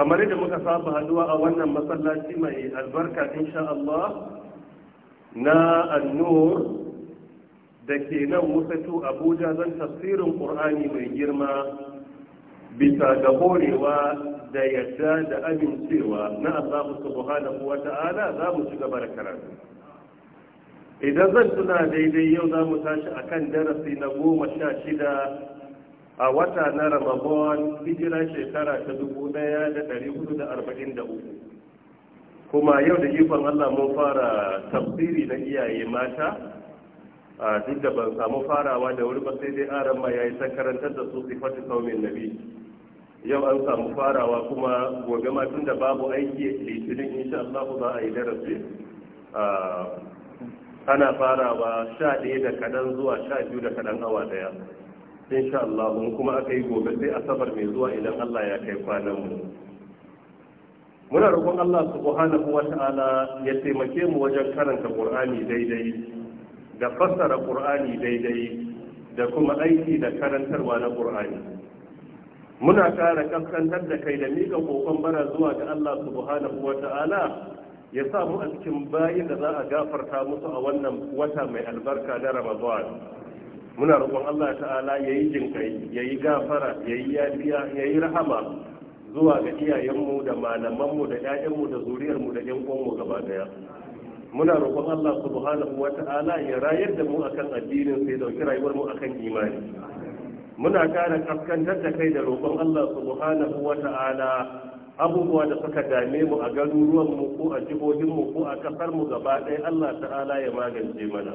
kamar yadda muka saba haduwa a wannan masallaci mai albarka insha Allah na annur da ke nan musatu abuja zan tafsirin ƙur'ani mai girma bisa ga horewa da yadda da amincewa na azabu subhanahu wa ta'ala za mu ci gaba da karatu idan zan tuna daidai yau za mu tashi akan darasi na goma sha shida a wata na ramadan hijira shekara ta dubu ɗaya da ɗari hudu da arba'in da uku kuma yau da ikon allah mun fara tafsiri na iyaye mata a duk da ban samu farawa da wuri ba sai dai aran ma ya yi ta karantar da su sifatu saumin nabi yau an samu farawa kuma gobe ma tun da babu aiki litinin insha Allah za a yi darasi ana farawa sha ɗaya da kaɗan zuwa sha biyu da kaɗan awa daya insha Allah mun kuma aka yi gobe sai asabar mai zuwa idan Allah ya kai kwanan mu muna roƙon Allah subhanahu wa ta'ala ya taimake mu wajen karanta Qur'ani daidai da fassara Qur'ani daidai da kuma aiki da karantarwa na Qur'ani muna kara kaskantar da kai da miƙa kokon bara zuwa ga Allah subhanahu wa ta'ala ya sa mu a cikin bayin da za a gafarta musu a wannan wata mai albarka na Ramadan muna roƙon Allah ta'ala yi jinkai yi gafara yayi yafiya yi rahama zuwa ga iyayenmu da malamanmu da ƴaƴanmu da zuriyarmu da ƴan uwanmu gaba daya muna roƙon Allah subhanahu ta'ala ya rayar da mu akan addinin sai dauki rayuwar mu akan imani muna ƙara kaskantar da kai da roƙon Allah subhanahu ta'ala abubuwa da suka dame mu a garuruwan mu ko a jihohin mu ko a mu gaba ɗaya Allah ta'ala ya magance mana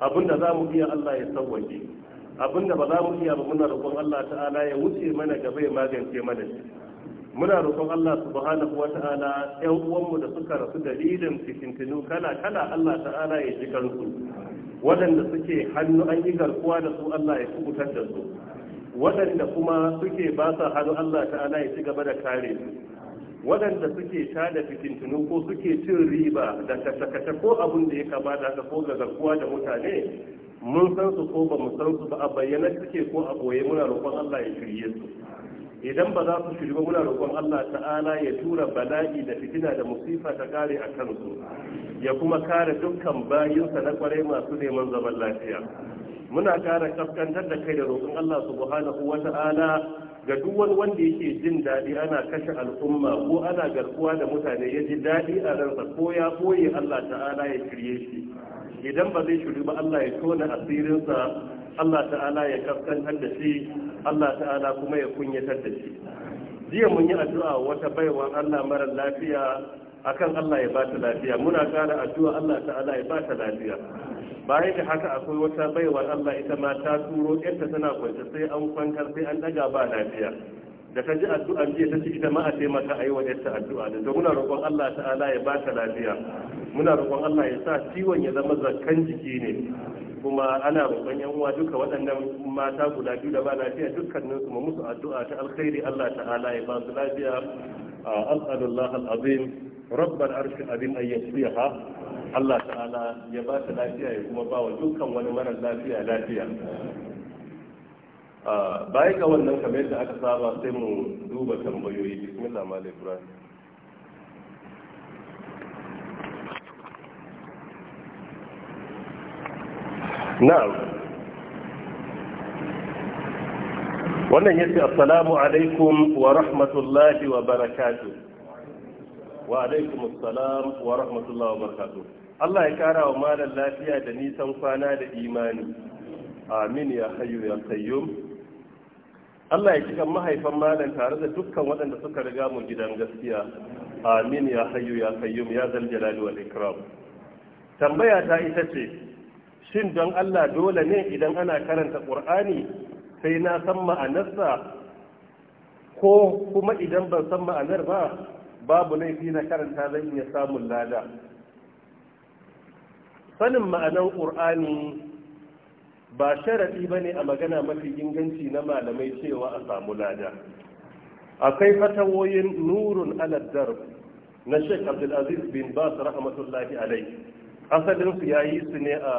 abinda za mu iya Allah ya sauwaje abinda ba za mu iya ba muna roƙon Allah ta'ala ya wuce mana gaba ya magance mana shi muna roƙon Allah subhanahu wata'ala ƴan uwanmu da suka rasu dalilin fitintinu kala kala Allah ta'ala ya ji kansu waɗanda suke hannu an yi garkuwa da su Allah ya kubutar da su waɗanda kuma suke ba sa hannu Allah ta'ala ya ci gaba da kare su waɗanda suke tada fitintunu ko suke cin riba da kasakata ko abin da ya kamata da ko garkuwa da mutane mun san su ko ba mu san su ba a bayyana suke ko a boye muna roƙon Allah ya shirye su idan ba za su shirye muna roƙon Allah ta'ala ya tura bala'i da fitina da musifa ta kare a kansu ya kuma kare dukkan bayinsa na kwarai masu neman zaman lafiya muna ƙara kaskantar da kai da roƙon Allah subhanahu wa ta'ala ga duk wani wanda yake jin daɗi ana kashe al'umma ko ana garkuwa da mutane ya ji daɗi a ransa ko ya koye Allah ta'ala ya shirye shi idan ba zai shiru ba Allah ya tona asirinsa Allah ta'ala ya ƙafƙantar da shi Allah ta'ala kuma ya kunyatar da shi jiya mun yi addu'a wata baiwa Allah mara lafiya akan Allah ya ba ta lafiya muna kara addu'a Allah ta'ala ya ba ta lafiya bayan da haka akwai wata baiwar Allah ita ma ta turo yadda tana kwance sai an kwantar sai an daga ba lafiya da ta ji addu'an jiya ta ci ita ma a taimaka a yi wa yadda addu'a da ta muna roƙon Allah ta'ala ya ba ta lafiya muna roƙon Allah ya sa ciwon ya zama zakkan jiki ne kuma ana roƙon yan uwa duka waɗannan mata guda biyu da ba lafiya dukkanin su musu addu'a ta alkhairi Allah ta'ala ya ba su lafiya a الله العظيم rabbar arshi abin an yasiha Allah ta'ala ya ba ta lafiya ya kuma ba wa dukkan wani mara lafiya lafiya ah, yi ga wannan kamar yadda aka saba sai mu duba tambayoyi bismillah malam ibrahim na'am wannan yace assalamu alaikum wa rahmatullahi wa barakatuh wa alaikum assalam wa rahmatullahi wa barakatuh Allah ya kara wa malam lafiya da nisan kwana da imani amin ya hayyu ya qayyum Allah ya cika mahaifan malam tare da dukkan waɗanda suka riga mu gidan gaskiya amin ya hayyu ya qayyum ya zal jalali wal ikram tambaya ta ita ce shin don Allah dole ne idan ana karanta Qur'ani sai na san ma'anarsa ko kuma idan ban san ma'anar ba babu laifi na karanta zan iya samun lada sanin ma'anan ƙur'ani ba sharaɗi ba ne a magana mafi inganci na malamai cewa a samu lada akwai fatawoyin nurun aladdar na shek abdulaziz bin bas rahmatullahi alai asalin su ya yi su ne a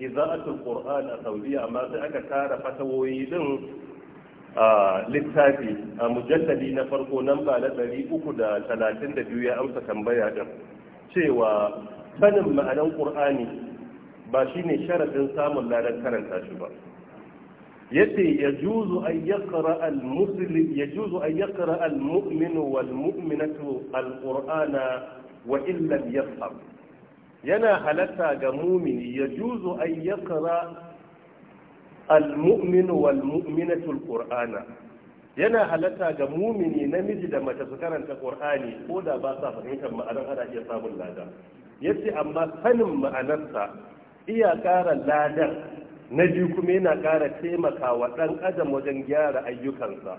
iza'atul qur'an a saudiya amma sai aka tara fatawoyi din a littafi a mujallali na farko nan ba na ɗari uku da talatin da biyu ya amsa tambaya da cewa sanin ma'anan ƙur'ani ba shi ne sharadin samun ladan karanta shi ba yace ya juzu an yaqra al muslim ya juzu an yaqra al wal mu'minatu al qur'ana wa in lam yafham yana halatta ga mumini ya juzu an yaqra al-mu'minu wal mu'minatu qur'ana yana halatta ga mumini namiji da mace su karanta qur'ani ko da ba sa fahimtar ma'anar ana iya samun lada yace amma sanin ma'anarsa iya ƙara ladan na ji kuma yana ƙara taimakawa ɗan adam wajen gyara ayyukansa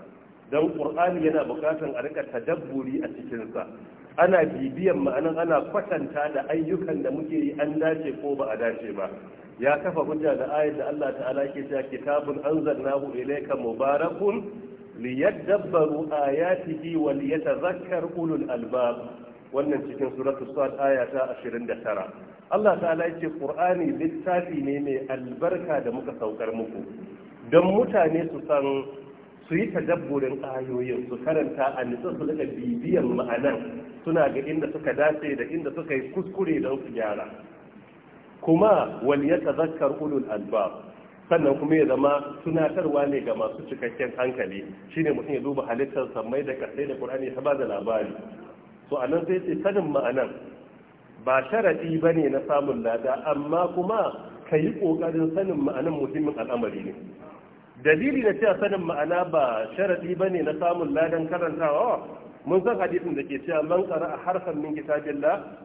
don ƙur'ani yana buƙatar a rika tadabburi a cikinsa ana bibiyan ma'anan ana kwatanta da ayyukan da muke yi an dace ko ba a dace ba ya kafa hujja da ayat da Allah ta'ala ke cewa kitabun anzalnahu ilayka mubarakun liyadabbaru ayatihi wa liyatadhakkar ulul albab wannan cikin suratul sad aya ta 29 Allah ta'ala ce Qur'ani littafi ne mai albarka da muka saukar muku don mutane su san su yi tadabburin ayoyin su karanta a nitsa su daga bibiyan ma'anan suna ga inda suka dace da inda suka yi kuskure don su gyara kuma wani ya tazakkar ulul albab sannan kuma ya zama tunatarwa ne ga masu cikakken hankali shine mutum ya duba halittar sammai da kasai da qur'ani ta ba da labari to nan sai ce sanin ma'anan ba sharadi bane na samun lada amma kuma kayi kokarin sanin ma'anan muhimmin al'amari ne dalili na cewa sanin ma'ana ba sharadi ne na samun ladan karantawa mun san hadisin da ke cewa man qara harfan min kitabillah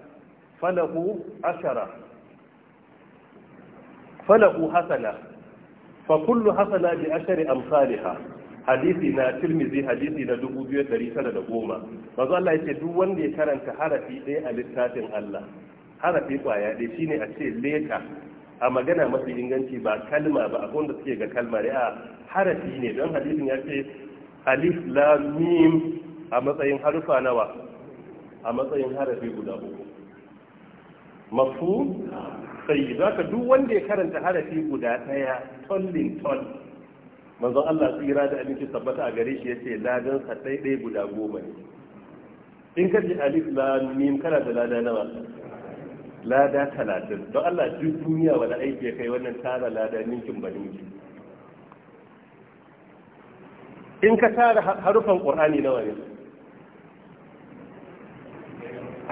falahu ashara falahu hasana fa kullu hasana bi ashari amsalha hadisi na tirmizi hadisi na 2910 manzo Allah yace duk wanda ya karanta harafi ɗaya a littafin Allah harafi kwaya ɗaya shine a ce leta a magana mafi inganci ba kalma ba akwai wanda suke ga kalma ne a harafi ne don hadisin ya ce alif lamim a matsayin harufa nawa a matsayin harafi guda uku mafu sai za ka duk wanda ya karanta harafi guda ɗaya tollin toll manzon Allah tsira da abinci tabbata a gare shi ya ce ladan sa ɗaya guda goma ne in ka ji alif lamim kana da lada nawa lada talatin don Allah duk duniya wani aiki ya kai wannan tara lada ninkin ba ninkin in ka tara harufan ƙorani nawa ne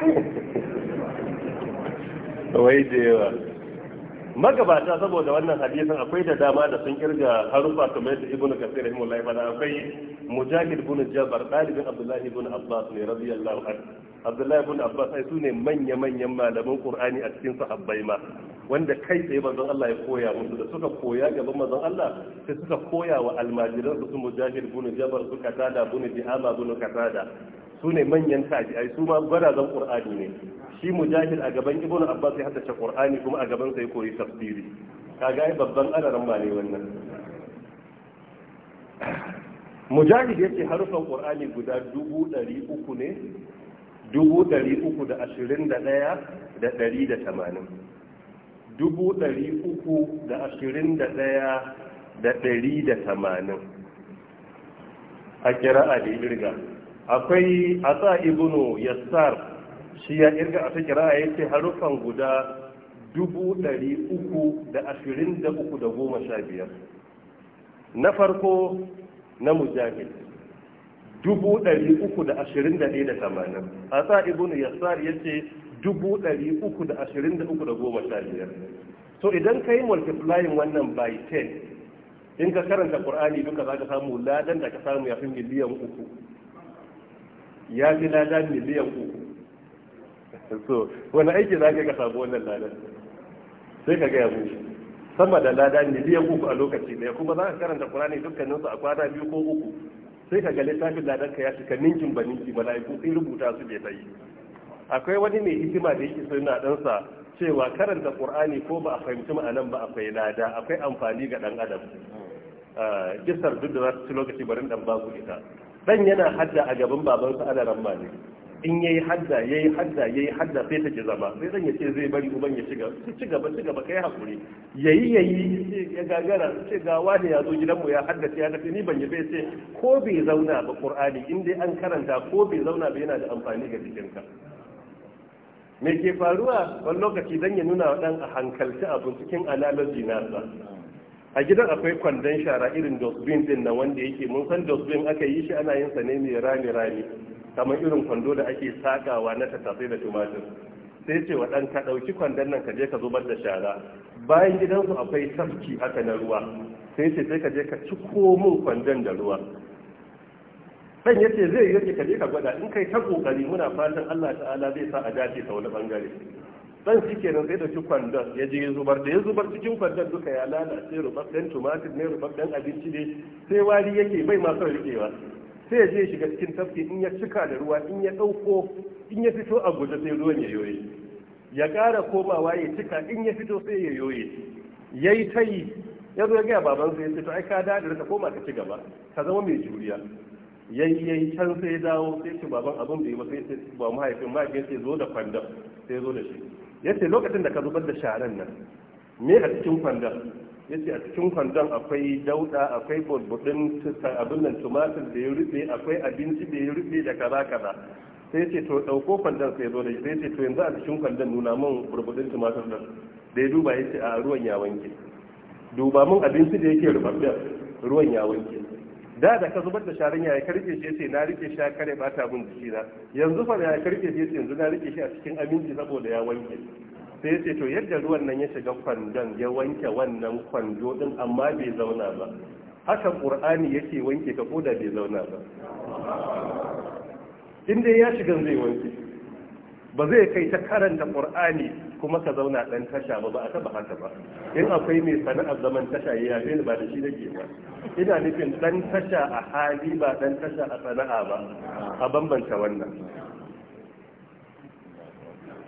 wai da yawa magabata saboda wannan hadisin akwai da dama da sun kirga harufa kuma yadda ibnu kasir rahimahullah ya akwai mujahid ibn jabar dalibin abdullahi ibn abbas ne radiyallahu anhu abdullahi ibn abbas ai sune manya manyan malaman qur'ani a cikin sahabbai ma wanda kai tsaye manzon Allah ya koya musu da suka koya gaban manzon Allah sai suka koya wa almajiran su mujahid ibn jabal su katada ibn di'ama ibn katada su ne manyan ai su ma gwarazan qur'ani ne shi mujahid a gaban ibn abbas ya haddace qur'ani kuma a gaban sa ya koyi tafsiri kaga ai babban adaran ba ne wannan mujahid yace harufan qur'ani guda dubu ɗari uku ne dubu uku a kira a da irga akwai a sa ibnu yassar shi ya irga a ta kira a yace haruffan guda dubu goma sha biyar na farko na mujahid dubu ɗari uku da ashirin da ɗaya da tamanin a sa ibnu yassar ya ce dubu ɗari uku da ashirin da uku da goma biyar so idan ka yi multiplying wannan by 10 in ka karanta ƙur'ani duka za ka samu ladan da ka samu ya fi miliyan uku ya fi ladan miliyan uku so wani aiki za ka ka samu wannan ladan sai ka gaya mushi sama da ladan miliyan uku a lokaci ɗaya kuma za ka karanta ƙur'ani dukkaninsu a kwana biyu ko uku sai ka ga littafin ka ya cika ninkin ba ninki mala'iku sai rubuta su bai tsayi akwai wani mai hikima da yake so dan ɗansa cewa karanta qur'ani ko ba a fahimci ma'anan ba akwai lada akwai amfani ga dan adam ah, kisar duk da za su ci lokaci barin dan baku ita dan yana hadda a gaban babansa ana ramma ne in yayi hadda yayi hadda yayi hadda sai ta zama sai zan yace zai bari uban ya ci gaba ci gaba ci gaba kai hakuri yayi yayi ya gagara ce ga wani ya zo gidanmu ya sai ya tafi ni ban yi bai sai ko bai zauna ba qur'ani in dai an karanta ko bai zauna ba yana da amfani ga jikinka me ke faruwa wani lokaci dan ya nuna wa dan a hankalci abin cikin analogy nasa a gidan akwai kwandon shara irin dosbin din na wanda yake mun san dosbin aka yi shi ana yin sa ne mai rami rami kamar irin kwando da ake sakawa na tattasai da tumatir sai ce wa ɗan ka ɗauki kwandon nan ka je ka zubar da shara bayan gidansu akwai tafki haka na ruwa sai ce sai ka ka ci komin kwandon da ruwa ɗan ya ce zai yake ka je ka gwada in kai ta ƙoƙari muna fatan allah ta'ala zai sa a dace ta wani ɓangare ɗan shi kenan sai ɗauki kwandon ya je zubar da ya zubar cikin kwandon duka ya lalace rubabben tumatir ne rubabben abinci ne sai wari yake bai masu riƙewa sai ya je ya shiga cikin tafki in ya cika da ruwa in ya ɗauko in ya fito a guje sai ruwan ya yoye ya ƙara komawa ya cika in ya fito sai ya yoye ya yi ta yi ya zo ya gaya babansa ya ce to ai ka da ka koma ka ci gaba ka zama mai juriya yayi yayi can sai dawo sai ce baban abin da yi ba sai ba mahaifin mahaifin sai zo da kwandon sai zo da shi yace lokacin da ka zubar da sharan nan me a cikin kwandon ce a cikin kwandon akwai dauda akwai burbudin abin nan tumatir da ya rufe akwai abinci da ya rufe da kaza kaza sai ce to dauko kwandon sai zo da shi sai ce to yanzu a cikin kwandon nuna min burbudin tumatir da da ya duba ya ce a ruwan ya wanke duba min abinci da yake rubabben ruwan ya wanke da da ka zubar da sharan ya rike shi yace na rike shi kare ba ta bin na yanzu fa da ya rike shi yace yanzu na rike shi a cikin aminci saboda ya wanke sai ce to yadda ruwan nan ya shiga kwandon ya wanke wannan kwando din amma bai zauna ba haka qur'ani yake wanke ka koda bai zauna ba In dai ya shiga zai wanke ba zai kai ta karanta qur'ani kuma ka zauna dan tasha ba ba a taba haka ba in akwai mai sana'ar zaman tasha ya yafe ba da shi nake ba ina nufin dan tasha a hali ba dan tasha a sana'a ba a bambanta wannan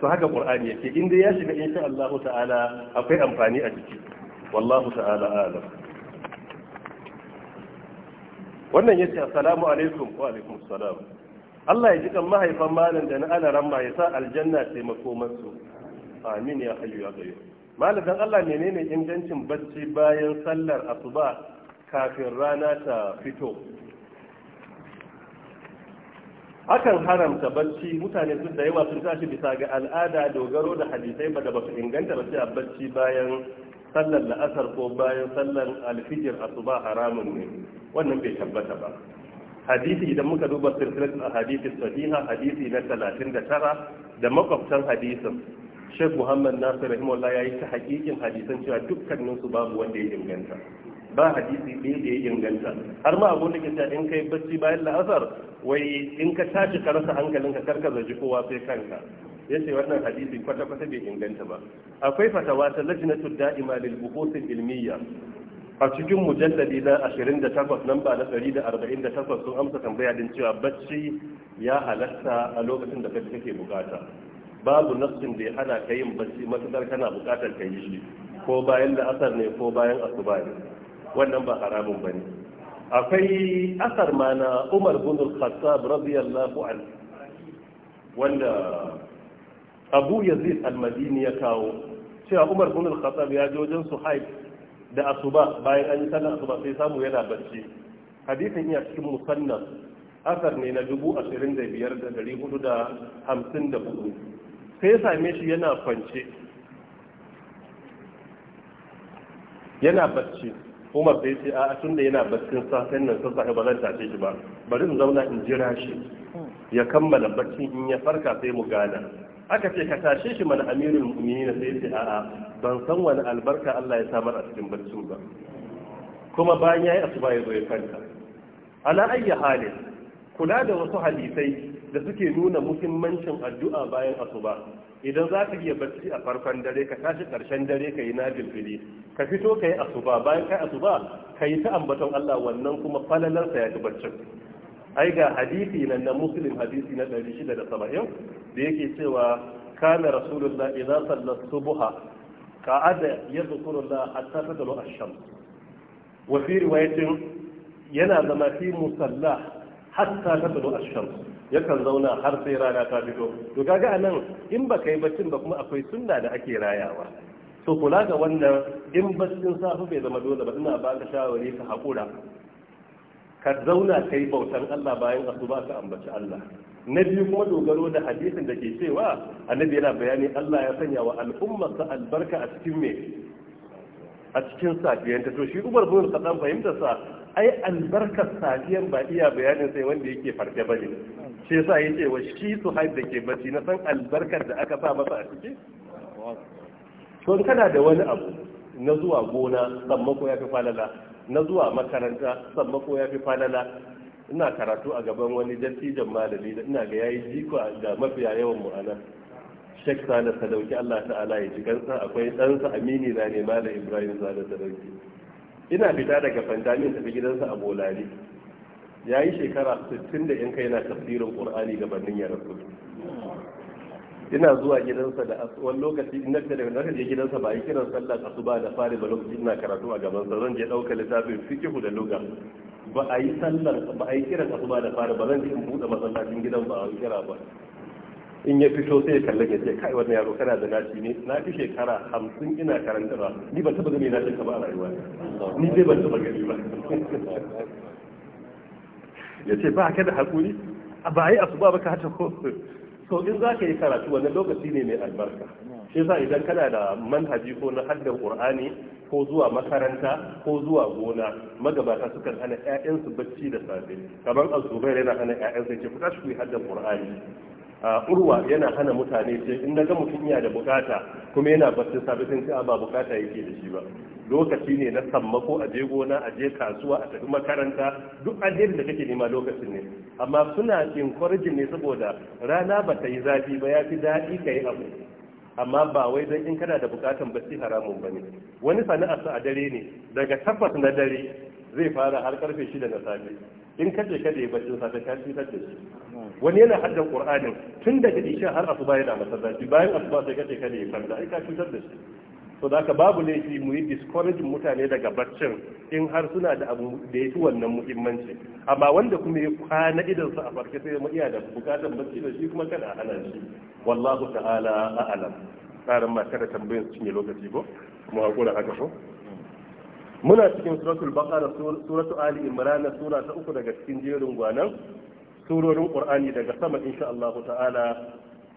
to haka qur'ani yake in dai ya shiga insha Allah ta'ala akwai amfani a jiki wallahu ta'ala alam wannan yace assalamu alaikum wa alaikum assalam Allah ya ji kan mahaifan malam da na ana ramma ya sa aljanna taimako masu amin ya hayyu ya qayyum malamin Allah menene ingancin bacci bayan sallar asuba kafin rana ta fito akan haramta bacci mutane sun da yawa sun tashi bisa ga al'ada dogaro da hadisai ba da ba su inganta ba sai a bacci bayan sallar la'asar ko bayan sallar alfijir asuba haramun ne wannan bai tabbata ba hadisi idan muka duba a hadisi sahiha hadisi na talatin da tara da makwabtan hadisin Sheikh Muhammad Nasir ya yi ta hakikin hadisan cewa dukkaninsu babu wanda ya inganta ba hadisi ɗaya da ya inganta har ma abun da in kai bacci bayan la'asar wai in ka tashi ka rasa ka karka zaji kowa sai kanka ya ce wannan hadisi kwata-kwata bai inganta ba akwai fatawa ta lajinatul da'ima lil buhusin ilmiya a cikin mujalladi na 28 namba na 148 sun amsa tambaya din cewa bacci ya halatta a lokacin da kake kake bukata babu nafsin da ya hana ka yin bacci matukar kana bukatar ka yi shi ko bayan da asar ne ko bayan asuba ne wannan ba haramun bane akwai asar ma na Umar bin Al-Khattab radiyallahu an wanda Abu Yazid Al-Madini ya kawo cewa Umar bin Al-Khattab ya je wajen Suhaib da asuba bayan an yi sallar asuba sai samu yana barci hadisin iya cikin musannaf asar ne na dubu ashirin da biyar da dari hudu da hamsin da hudu sai ya same shi yana kwance yana barci umar sai ce a tun da yana baskin safen nan sun sahi ba zan tashe shi ba bari in zauna in jira shi ya kammala baccin in ya farka sai mu gana aka ce ka tashe shi mana amirul na. sai ce a'a ban san wani albarka Allah ya samar a cikin barcin ba kuma bayan yayi asuba ya zo ya kwanta ala ayyi halin kula da wasu halisai da suke nuna muhimmancin addu'a bayan asuba idan za ka iya bacci a farkon dare ka tashi ƙarshen dare ka yi na bilbili ka fito ka yi asuba bayan ka asuba ka yi ta ambaton Allah wannan kuma falalarsa ya ci barcin. ai ga hadisi nan na muslim hadisi na 670 da yake cewa kana rasulullah idza salla subha qa'ada yadhkuru hatta tadlu ash-shams wa fi riwayatin yana zama fi musalla hatta tadlu ash-shams yakan zauna har sai rana ta fito to kaga anan in ba kai baccin ba kuma akwai sunna da ake rayawa to kula ga wannan in baccin safa bai zama dole ba ina baka shawari ka hakura ka zauna kai bautan Allah bayan asuba ka ambaci Allah na biyu kuma dogaro da hadisin da ke cewa annabi yana bayani Allah ya sanya wa al'ummarsa albarka a cikin me a cikin ta to shi Umar bin Khattab fahimtar sa ai albarkar safiyan ba iya bayanin sai wanda yake farke bane shi yasa ya ce wa shi su da ke bacci na san albarkar da aka sa masa a ciki to kana da wani abu na zuwa gona sammako ya fi falala na zuwa makaranta sammako ya fi falala ina karatu a gaban wani dattijan malami da ina ga yayi jiko ga mafiya yawan mu anan Sheikh Sale Sadauki Allah ta'ala ya ji akwai sa Amini na ne Malam Ibrahim Sale Sadauki ina fita daga fandamin tafi gidansa a Bolari ya yi shekara 60 da yan kai na tafsirin ƙur'ani bannin ya rasu ina zuwa gidansa da wani lokaci ina da daga zaka gidansa ba a yi kiran sallah ba da fari ba lokaci ina karatu a gaban sa zan je ɗauka littafin fiqhu da lugha ba a yi sallar ba a yi kiran ba da fari ba zan je in buɗe masallacin gidan ba a yi kira ba in ya fito sai ya kalle ya ce kai wannan yaro kana da naci ne na fi shekara hamsin ina karantarwa ni ba taba gani na ka ba a rayuwa ni dai ban taba gani ba ya ce ba ka da haƙuri ba a yi asuba ba ka hata ko so in za ka yi karatu wani lokaci ne mai albarka shi yasa idan kana da manhaji ko na haddar qur'ani ko zuwa makaranta ko zuwa gona magabata sukan hana ƴaƴansu bacci da safe kamar azubair yana hana ƴaƴansa ce ku tashi ku haddar qur'ani urwa yana hana mutane ce in naga mutum yana da bukata kuma yana bacci safe sai ba bukata yake da shi ba lokaci ne na sammako a je gona a je kasuwa a tafi makaranta duk alheri da kake nema lokacin ne amma suna encouraging ne saboda rana ba ta yi zafi ba ya fi daɗi ka yi abu amma ba wai don in kana da bukatan ba haramun ba ne wani sana'arsa a dare ne daga tabbas na dare zai fara har karfe shida na safe in kace kada ya cin safe ka ci da wani yana hadda qur'anin tun daga isha har asuba yana masallaci bayan asuba sai kace kada ya ai ka cutar da shi so da babu laifi mu yi discouraging mutane daga baccin in har suna da abu da ya fi wannan muhimmanci amma wanda kuma ya kwana idansa a farke sai mu iya da bukatar bacci da shi kuma kada hana shi wallahu ta'ala a'lam tsarin ma kada tambayin su cinye lokaci ko mu hakura haka ko muna cikin suratul baqara suratu ali imran sura ta uku daga cikin jerin gwanan surorin qur'ani daga sama insha Allah ta'ala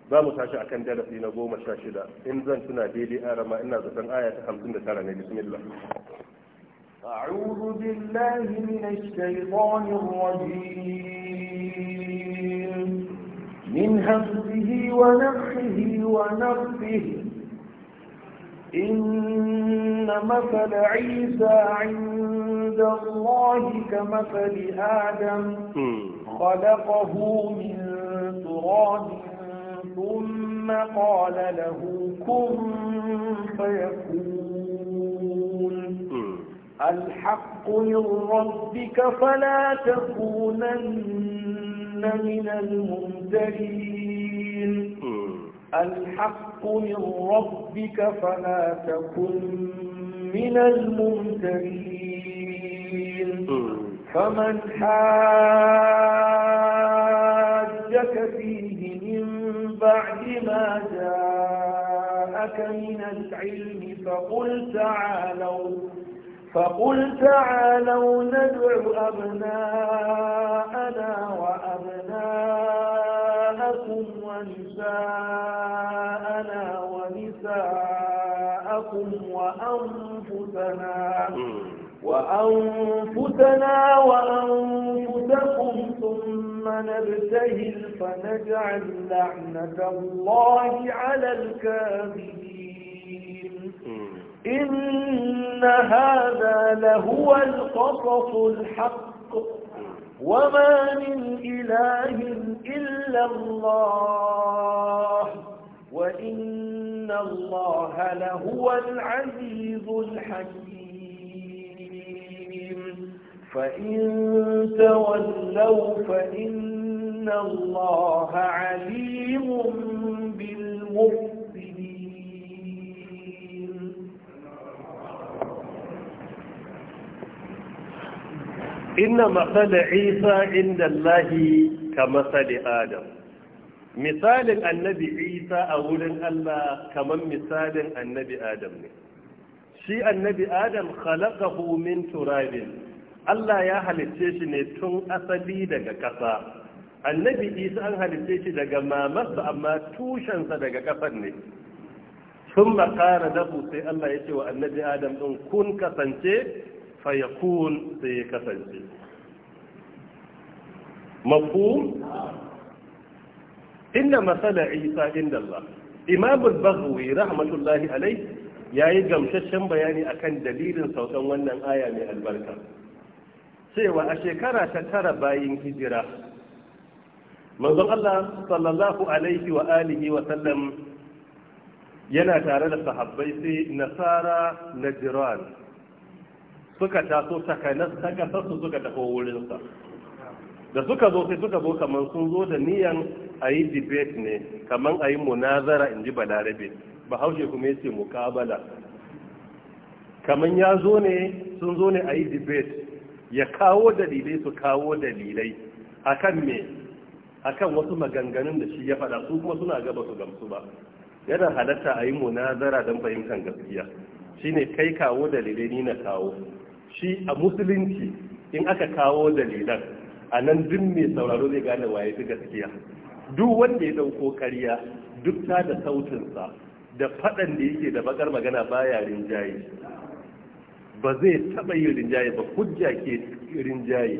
ba mu tashi akan darasi na goma sha shida in zan tuna daidai arama ina zaton aya ta hamsin da tara ne bismillah أعوذ بالله من الشيطان الرجيم من همزه ونفخه ونفخه إن مثل عيسى عند الله كمثل آدم خلقه من تراب ثم قال له كن فيكون الحق من ربك فلا تكونن من الممترين الحق من ربك فلا تكن من الممترين فمن حاد ما جاءك من العلم فقل تعالوا فقل تعالوا ندع أبناءنا وأبناءكم ونساءنا ونساءكم وأنفسنا وأنفسنا وأنفسكم نبتهل فنجعل لعنة الله على الكاذبين إن هذا لهو القصص الحق وما من إله إلا الله وإن الله لهو العزيز الحكيم فإن تولوا فإن الله عليم بالمفسدين إن مثل عيسى عند الله كمثل آدم مثال النبي عيسى أولا الله كما مثال النبي آدم شيء النبي آدم خلقه من تراب Allah ya halicce shi ne tun asali daga ƙasa annabi isa an halicce shi daga mamarsa amma tushensa daga ƙasar ne sun makara dafu sai Allah ya ce wa annabi adam ɗin kun kasance kun sai ya kasance mafu inda matsala isa inda Allah imamul bagwi rahmatullahi alai ya yi gamsashen bayani akan dalilin saukan wannan aya mai albarka cewa a shekara ta tara bayan hijira manzon Allah sallallahu alaihi wa alihi wa sallam yana tare da sahabbai sai nasara na jiran suka taso sakanas ta suka tafi wurinsa da suka zo sai suka zo kamar sun zo da niyan a yi debate ne kamar a yi munazara in ji balarabe bahaushe kuma ya ce mukabala kamar ya zo ne sun zo ne a yi debate ya kawo dalilai su kawo dalilai akan me akan wasu maganganun da shi ya faɗa su kuma suna gaba su gamsu ba yana halatta a yi munazara don fahimtar gaskiya shine kai kawo dalilai ni na kawo shi a musulunci in aka kawo dalilan a nan duk mai sauraro zai gane waye fi gaskiya duk wanda ya dauko karya duk ta da sautinsa da faɗan da yake da bakar magana baya rinjaye ba zai taɓa yin rinjaye ba hujja ke rinjaye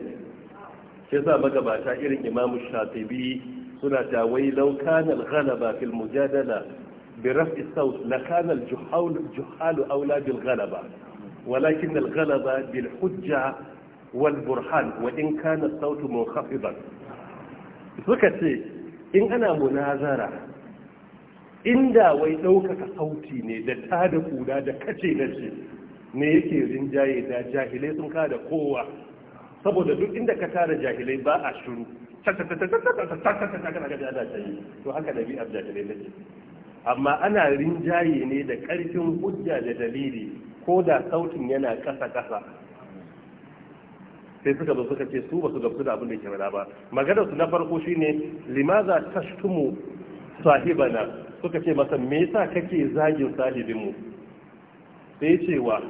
shi sa magabata irin imamu shafibi suna ta wai laukan al-ghalaba fil mujadala bi raf'i sawt la aula bil ghalaba walakin al-ghalaba bil hujja wal burhan wa in kana suka ce in ana munazara inda wai ɗaukaka sauti ne da tada kuda da kace na ce me yake rinjaye da jahilai sun kada kowa saboda duk inda ka tara jahilai ba a shiru to haka ɗabi'ar jahilai take amma ana rinjaye ne da ƙarfin hujja da dalili ko da sautin yana ƙasa-ƙasa sai suka zo suka ce su ba su gamsu da abin da ke ba maganar su na farko shine limaza tashtumu sahibana suka ce masa me yasa kake zagin sahibinmu sai cewa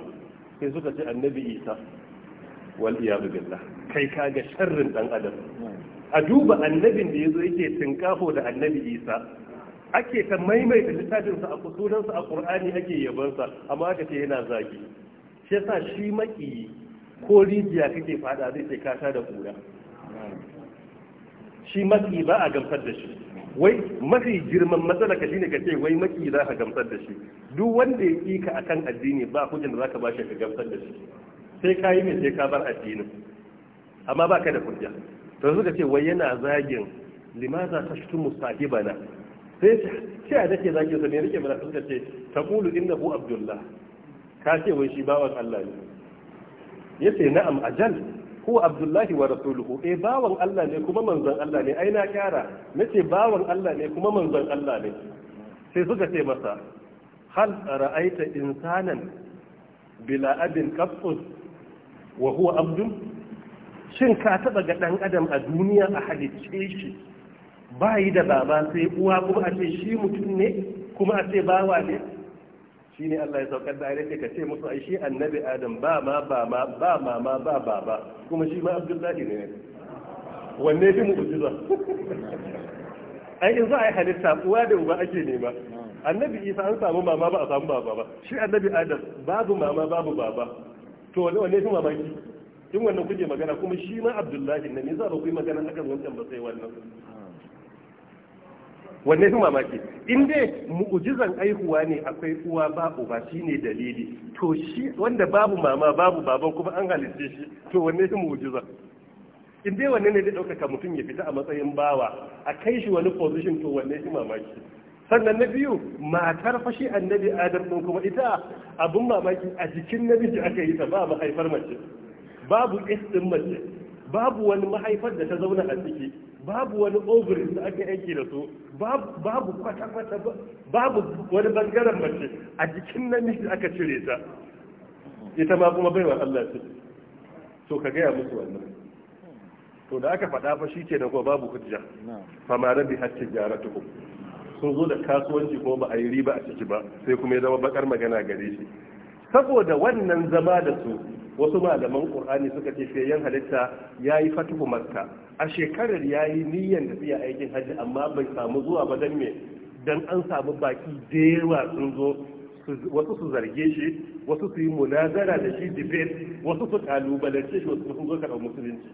sai suka ce annabi isa wal billah kai ga sharrin dan adam a duba annabin da yazo yake tinkafo da annabi isa ake ta maimaita littafinsa a sunansa a qur'ani ake yabonsa, amma aka ce yana zagi shi yasa shi maki ko rijiya kake fada zai ce ka da kura shi maki ba a gamsar da shi wai mafi girman matsala ka shine ka ce wai maki za ka gamsar da shi duk wanda ya ki ka akan addini ba hujjan da za ka ba shi ka gamsar da shi sai ka yi mai sai ka bar addinin amma ba ka da hujja to suka ce wai yana zagin limaza tashtumu sahibana sai ce a dake zagin sa ne rike mana suka ce taqulu innahu abdullah ka ce wai shi bawan Allah ne yace na'am ajal huwa abdullahi wa rasuluhu eh bawan Allah ne kuma manzon Allah ne ai na kyara nace bawan Allah ne kuma manzon Allah ne sai suka ce masa hal ra'aita insanan bila abin kafus, wa huwa abdun shin ka taba ga dan adam a duniya a halicce shi bayi da baba sai uwa kuma a ce shi mutum ne kuma a ce bawa ne shi ne Allah ya saukar da ayyace ka ce musu ai shi annabi adam ba ma ba ma ba ma ma ba ba ba kuma shi ma abdullahi ne wanne fi mu'jiza ai in za a yi halitta uwa da uba ake nema annabi isa an samu mama ba a samu baba ba shi annabi adam babu mama babu baba to wanne fi mamaki in wannan kuke magana kuma shi ma abdullahi ne me za ba ku magana akan wancan ba sai wannan wanne fi mamaki in dai mu'ujizan aihuwa ne akwai uwa ba uba shine dalili to shi wanda babu mama babu baban kuma an halitta shi to wanne fi mu'ujiza in dai wanne ne da ɗaukaka mutum ya fita a matsayin bawa a kai shi wani position to wanne fi mamaki sannan na biyu matar fashi annabi adam ɗin kuma ita abin mamaki a jikin namiji aka yi ta ba mahaifar mace babu is ɗin mace babu wani mahaifar da ta zauna a ciki babu wani ovaries da aka aiki da su babu kwata-kwata babu wani bangaren mace a jikin namiji aka cire ta ita ma kuma baiwa Allah ce to ka gaya musu wannan to da aka faɗa fa shi ke da kuma babu hujja fama rabi hatta jaratukum sun zo da kasuwanci ko ba a yi riba a ciki ba sai kuma ya zama bakar magana gare shi saboda wannan zama da su wasu malaman qur'ani suka ce fiyayyen halitta yayi fatuhu makka a shekarar yayi niyyar da tsaya aikin hajji amma bai samu zuwa ba dan me dan an samu baki da yawa sun zo wasu su zarge shi wasu su yi munazara da shi debate wasu su kalubalance shi wasu sun zo karɓar musulunci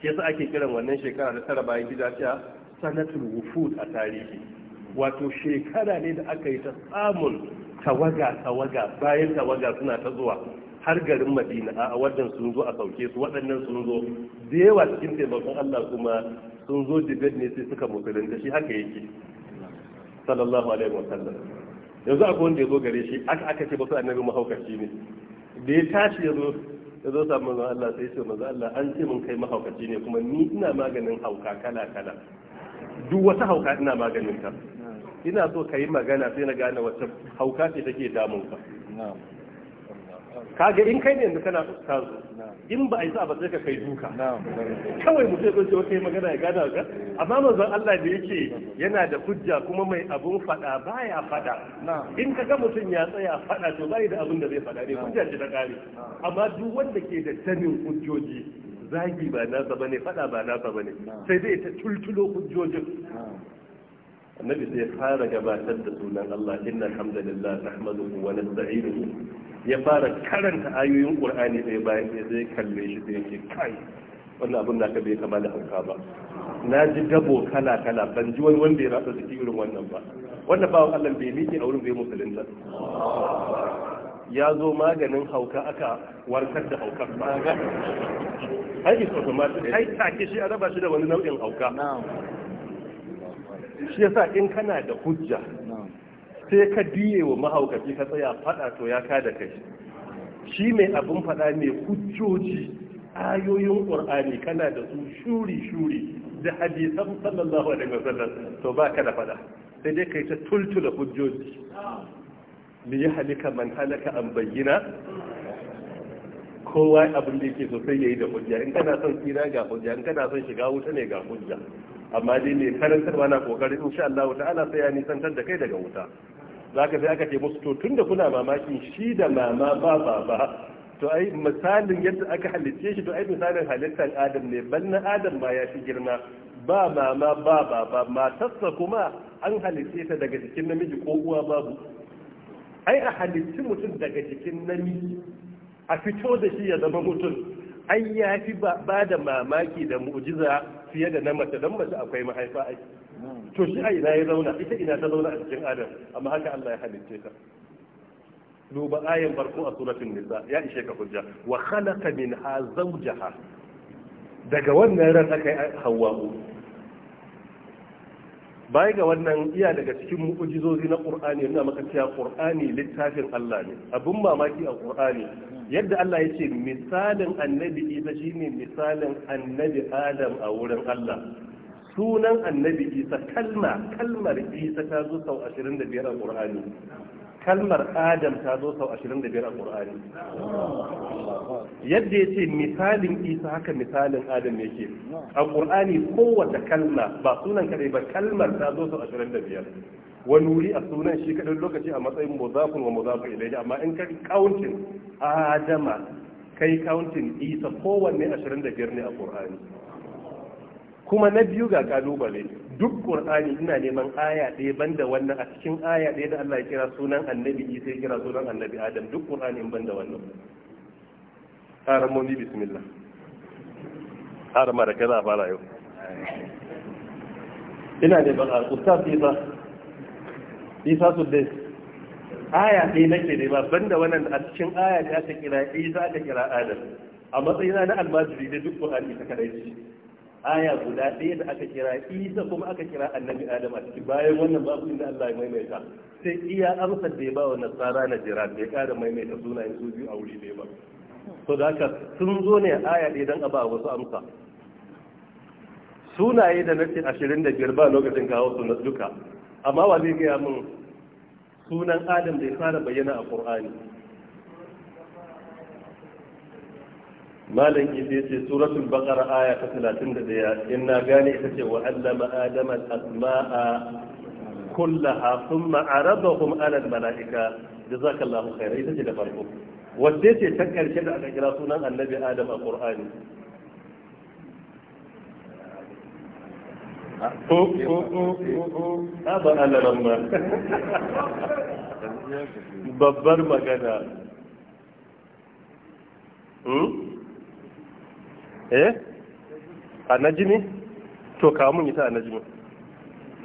shi yasa ake kiran wannan shekara da tara bayan gida ta sanatul wufud a tarihi wato shekara ne da aka yi ta samun tawaga tawaga bayan tawaga suna ta zuwa har garin madina a wadan sun zo a sauke su waɗannan sun zo da yawa cikin taimakon allah kuma sun zo dibet ne sai suka musulunta shi haka yake sallallahu alaihi wa sallam yanzu akwai wanda ya zo gare shi aka aka ce basu annabi mahaukaci ne da ya tashi ya zo ya zo samu manzon Allah sai ce manzon Allah an ce mun kai mahaukaci ne kuma ni ina maganin hauka kala kala duk wata hauka ina maganin ta ina so ka yi magana sai na gane wata hauka ce take damun ka kaga in kai ne yanzu kana ta zo in ba a yi sa ba sai ka kai duka kawai mu zai zoce wata magana ya gada ka? amma manzon Allah da yake yana da hujja kuma mai abun fada baya fada in ka ga mutum ya tsaya fada to bai da abun da zai fada ne hujja ce ta kare amma duk wanda ke da tanin hujjoji zagi ba nasa bane fada ba nasa bane sai dai ta tultulo hujjojin annabi sai fara gabatar da sunan Allah inna alhamdulillah nahmaduhu wa nasta'inuhu ya fara karanta ayoyin Qur'ani sai bayan sai zai kalle shi sai yake kai wannan abun da ka bai kama da hauka ba na ji gabo kala kala ban ji wani wanda ya rasa jiki irin wannan ba wanda ba Allah bai miƙe a wurin bai musulunta ya zo maganin hauka aka warkar da haukar ba ai is automatic ai take shi a raba shi da wani nau'in hauka shi yasa in kana da hujja sai ka diye wa mahaukaci ka tsaya fada to ya ka da kai shi mai abin fada mai hujjoji ayoyin qur'ani kana da su shuri shuri da hadisan sallallahu alaihi wasallam to ba ka da fada sai dai kai ta tultula hujjoji li yahlika man halaka an bayyana kowa abin da yake so sai yayi da hujja in kana son tsira ga hujja in kana son shiga wuta ne ga hujja amma dai mai karantarwa na in sha Allah ta'ala sai ya nisantar da kai daga wuta zaka sai aka ce musu to tunda kuna mamakin shi da mama ba baba to ai misalin yadda aka halicce shi to ai misalin halittar adam ne ban na adam ma ya fi girma ba mama ba baba matarsa kuma an halicce ta daga jikin namiji ko uwa babu ai a halicci mutum daga jikin namiji a fito da shi ya zama mutum ai ya fi ba da mamaki da mu'jiza fiye da na mace don mace akwai mahaifa ai to shi a na ya zauna ita ina ta zauna a cikin adam amma haka Allah ya halicce ta duba ayan farko a suratul nisa ya ishe ka hujja wa khalaqa minha zawjaha daga wannan ran aka yi hawa'u baya ga wannan iya daga cikin mu'ujizozi na ƙur'ani yana maka cewa littafin Allah ne abun mamaki a ƙur'ani yadda Allah ya ce misalin annabi Isa shine misalin annabi Adam a wurin Allah sunan annabi Isa kalma kalmar Isa ta zo sau 25 a ƙur'ani kalmar adam ta zo sau ashirin da biyar a ƙur'ani yadda ya ce misalin isa haka misalin adam yake a ƙur'ani kowace kalma ba sunan kadai ba kalmar ta zo sau ashirin 25 wani wuri a sunan shi kadai lokaci a matsayin muzafin wa muzafin ilaihi amma in ka kauntin adama kai kauntin isa kowanne ashirin da biyar ne a ƙur'ani kuma na biyu ga kalubale duk qur'ani ina neman aya ɗaya banda wannan a cikin aya ɗaya da Allah ya kira sunan annabi Isa ya kira sunan annabi Adam duk qur'ani banda wannan Karamoni, bismillah harama da kaza fara yau ina neman ustaz Isa Isa dai aya ɗaya nake ba banda wannan a cikin aya da aka kira Isa aka kira Adam a matsayina na almajiri da duk qur'ani ta kadai aya guda ɗaya da aka kira isa kuma aka kira annabi adam a ciki bayan wannan babu inda allah ya maimaita sai iya amsar da ya ba wa nasara na jira bai kara maimaita sunayen su biyu a wuri ɗaya ba to da haka sun zo ne aya ɗaya don a ba wasu amsa sunaye da nace ashirin da biyar ba lokacin kawo su na duka amma wa zai gaya min sunan adam da ya fara bayyana a ƙur'ani malam isa ce suratul baqara aya ta 31 inna gani gane ita ce wa allama adama asma'a kullaha thumma aradahum ala al malaika jazakallahu khaira ita ce da farko wacce ce ta karshe da aka kira sunan annabi adam a qur'ani ko ko ko ko babbar magana hmm? eh a najimi to kawo mun ita a najimi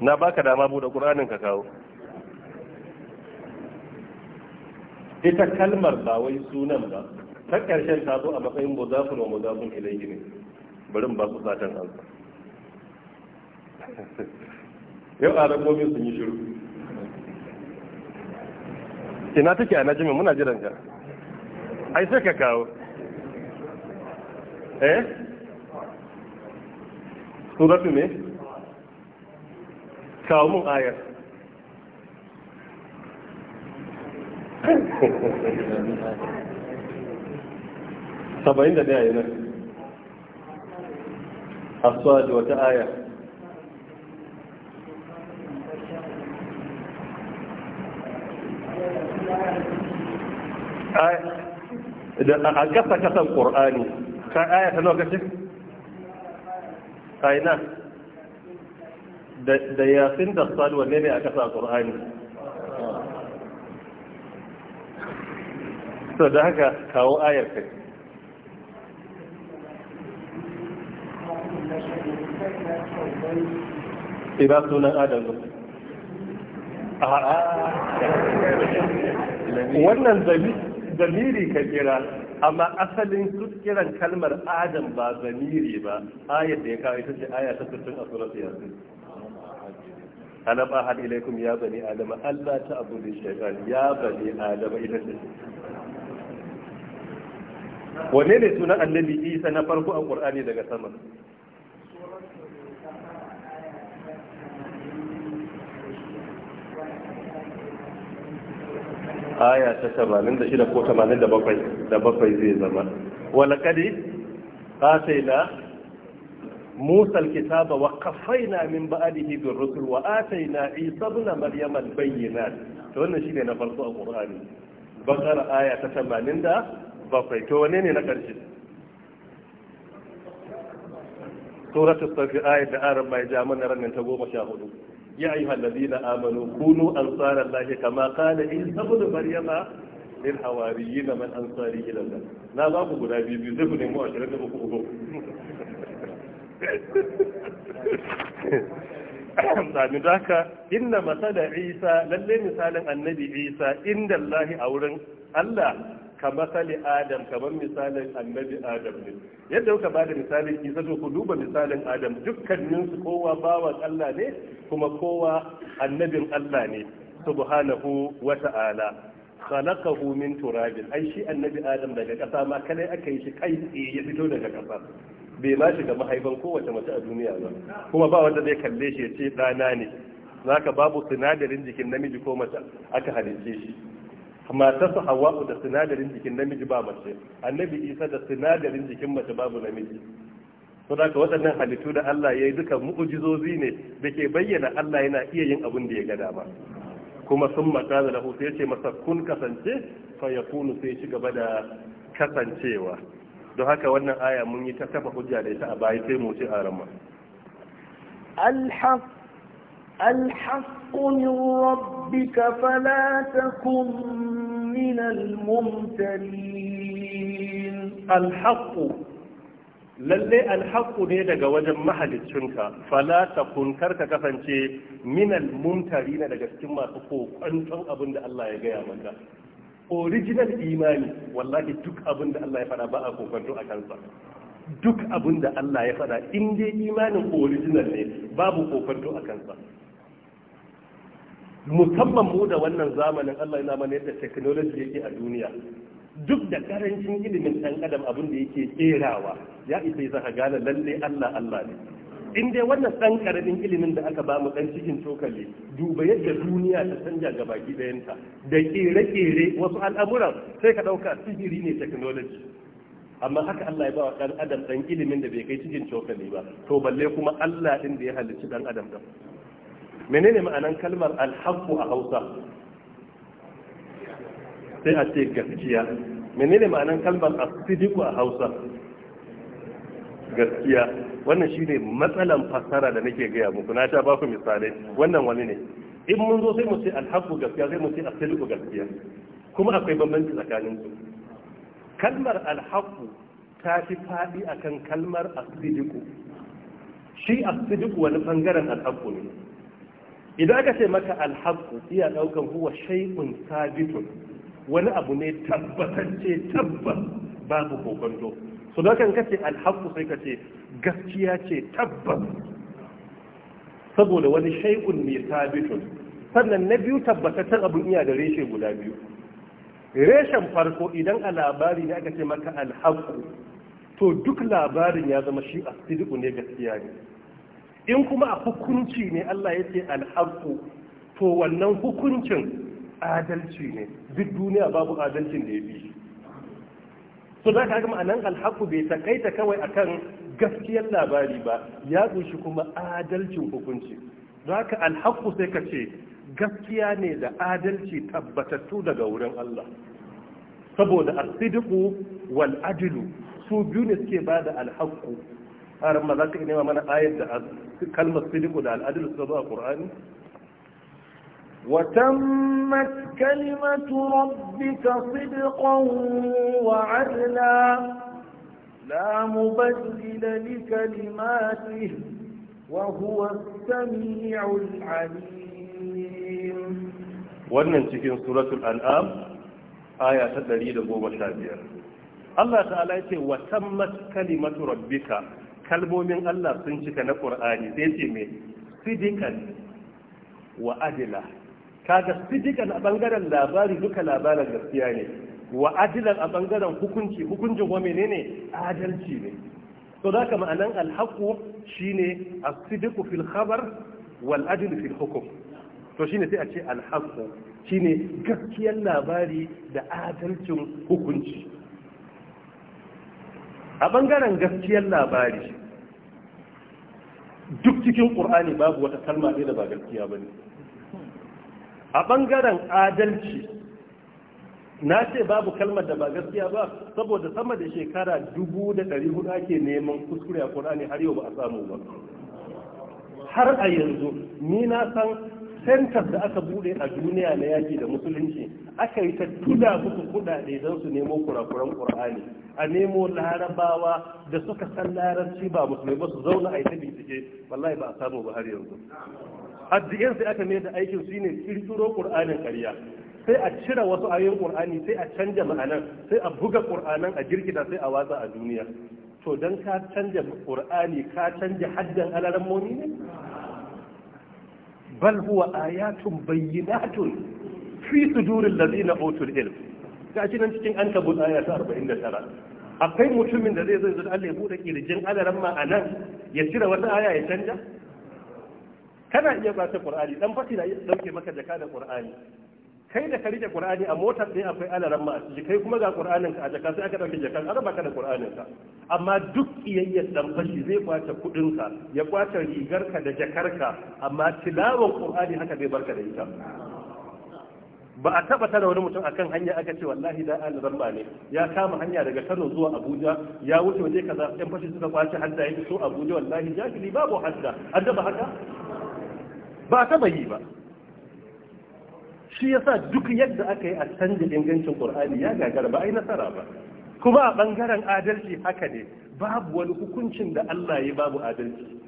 na baka dama bude ƙuranin ka kawo ita kalmar ba wai sunan ba ta ƙarshen ta zo a matsayin muzafin wa muzafin ilayhi ne bari ba su satan alfa. yau a rabomin sun yi shiru ina take a najimi muna jiran ka ai sai ka kawo eh suratu ne kawo mun ayar saba'in da daya yana aswad wata aya a gasa kasan ƙor'ani آية لو قلت قاينا نعم. دياسين دصال والليلي أكثر القرآن سوداك كاو آية كي إباق دون آدم آه zamiri ka kira amma asalin kiran kalmar adam ba zamiri ba ayar da ya kawo ita ce aya ta sittin a surat yasin alam ahad ilaikum ya bani adam Allah ta abu da shaytan ya bani adam ita ce Wane ne sunan annabi Isa na farko a Qur'ani daga sama aya ta da shida ko tamanin da bakwai zai zama kadi ataina musa alkitaba wa kafaina min ba'dihi bir rusul wa ataina isa ibn maryam al bayyinat to wannan shine na farko a qur'ani bakara aya ta tamanin da bakwai to wane ne na karshe suratul safi ayat da arab bai ja ta goma ta hudu. ya ayyuhal na amanu kunu ansarallahi kama qala isa ibn maryama lil hawariyin man ansari ila na ba ku guda biyu biyu zai ku nemo 23 uku sami haka inna masala isa lalle misalin annabi isa inda Allah a wurin Allah ka masali adam kamar misalin annabi adam ne yadda kuka bada misalin isa to ku duba misalin adam dukkanin su kowa bawan Allah ne kuma kowa annabin Allah ne subhanahu wa ta'ala khalaqahu min turabin ai shi annabi adam daga kasa ma kale aka yi shi kai ya fito daga kasa bai ma shiga mahaifan kowace mace a duniya ba kuma ba wanda zai kalle shi ya ce dana ne zaka babu sinadarin jikin namiji ko mace aka halice shi matarsa hawa da sinadarin jikin namiji ba mace annabi isa da sinadarin jikin mace babu namiji saboda waɗannan halittu da Allah ya yi duka mu'ujizozi ne da ke bayyana Allah yana iya yin abin da ya ga dama kuma sun mata da lahu sai ce masa kun kasance fa ya kunu sai ci gaba da kasancewa don haka wannan aya mun yi ta kafa hujja da ita a baya sai mu ci a al الحق الحق من ربك فلا تكن من الممترين الحق lalle alhaqu ne daga wajen mahalicinka fala takun karka kasance minal mumtari na daga cikin masu kokwanton abin da Allah ya gaya maka original imani wallahi duk abin da Allah ya fada ba a kokwanto a kansa duk abin da Allah ya fada in dai imanin original ne babu kokwanto a kansa musamman mu da wannan zamanin Allah yana mana yadda technology yake a duniya duk da karancin ilimin ɗan adam abin da yake kerawa ya isa ya saka gane lalle Allah Allah ne in dai wannan ɗan karamin ilimin da aka bamu ɗan cikin cokali duba yadda duniya ta canja ga baki ɗayanta da ƙere-ƙere wasu al'amuran sai ka ɗauka sihiri ne technology amma haka Allah ya ba wa ɗan adam ɗan ilimin da bai kai cikin cokali ba to balle kuma Allah ɗin da ya halicci ɗan adam ɗin menene ma'anan kalmar alhaku a hausa sai a ce gaskiya menene ma'anan kalmar asidiku a hausa gaskiya wannan shi ne matsalan fassara da nake gaya muku na ta baku misalai wannan wani ne in mun zo sai mu ce alhaku gaskiya sai mu ce asidiku gaskiya kuma akwai bambanci tsakanin su kalmar alhaku ta fi faɗi akan kalmar asidiku shi asidiku wani bangaren alhaku ne idan aka ce maka alhaku iya daukan huwa shay'un sabitun wani abu ne tabbatacce tabbas babu kokonto so da kan kace alhaku sai kace gaskiya ce tabbas saboda wani shay'un ne sabitun sannan na biyu tabbataccen abun iya da reshe guda biyu reshen farko idan a labari ne aka ce maka alhaku to duk labarin ya zama shi a ne gaskiya ne in kuma a hukunci ne Allah ya ce alhaku to wannan hukuncin adalci ne duk duniya babu adalcin da ya bi so za ka gama nan alhaku bai takaita kawai akan gaskiyar labari ba ya kunshi kuma adalcin hukunci za ka alhaku sai ka ce gaskiya ne da adalci tabbatattu daga wurin Allah saboda sidiku wal ajilu su biyu ne suke ba da alhaku har ma za ka nema mana ayar da kalmar sidiku da al'adil suka zo a qur'ani وتمت كلمة ربك صدقا وعدلا لا مبدل لكلماته وهو السميع العليم wannan cikin suratul an'am aya ta 115 Allah ta'ala yace wa tammat kalimatu rabbika kalmomin Allah sun cika na ƙur'ani sai ce mai sidikan wa adila kaga sidikan a bangaren labari duka labarin gaskiya ne wa adilan a bangaren hukunci hukuncin kuma menene adalci ne to za ka ma'anan alhaqu shine as-sidqu fil khabar wal adl fil hukm to shine sai a ce shi ne gaskiyar labari da adalcin hukunci a ɓangaren gaskiyar labari duk cikin ƙur'ani babu wata kalma ɗaya da ba gaskiya ba ne a bangaren adalci na ce babu kalmar da ba gaskiya ba saboda sama da shekara dubu da ɗari hudu ake neman kuskure a ƙur'ani har yau ba a samu ba har a yanzu ni na san sentar da aka bude a duniya na yaki da musulunci aka yi ta tuna musu kuɗaɗe don su nemo kurakuran ƙur'ani a nemo larabawa da suka san larabci ba musulmai ba su zauna a yi ta bincike wallahi ba a samu ba har yanzu addiyan sai aka mai da aikin su ne kirkiro ƙur'anin ƙarya sai a cire wasu ayoyin ƙur'ani sai a canja ma'anan sai a buga ƙur'anan a girgida sai a watsa a duniya to dan ka canja ƙur'ani ka canja haddan alaran ne bal huwa ayatun bayyinatun fi sujurin lazina otul ilm ga shi nan cikin an kabu tsaya ta tara. akwai mutumin da zai zai Allah ya bude kirjin alaran ma nan ya cire wata aya ya canja kana iya ba ta qur'ani dan fati na iya dauke maka jaka da qur'ani kai da ka rike qur'ani a motar ɗaya akwai adaran ma a ciki kai kuma ga qur'anin ka a jaka sai aka dauke jaka aka baka da qur'anin ka amma duk iyayyar dan fashi zai kwace kudin ka ya kwace rigar ka da jakar ka amma tilawar qur'ani haka zai barka da ita ba a taba tara wani mutum akan hanya aka ce wallahi da an zarba ne ya kama hanya daga Kano zuwa Abuja ya wuce waje kaza ɗan fashi suka kwace hadda yake so Abuja wallahi jahili babu hadda hadda ba haka ba a bayi ba shi yasa duk yadda aka yi a canja ingancin Qur'ani ya gagara ba ai nasara ba kuma a bangaren adalci haka ne babu wani hukuncin da Allah ya babu adalci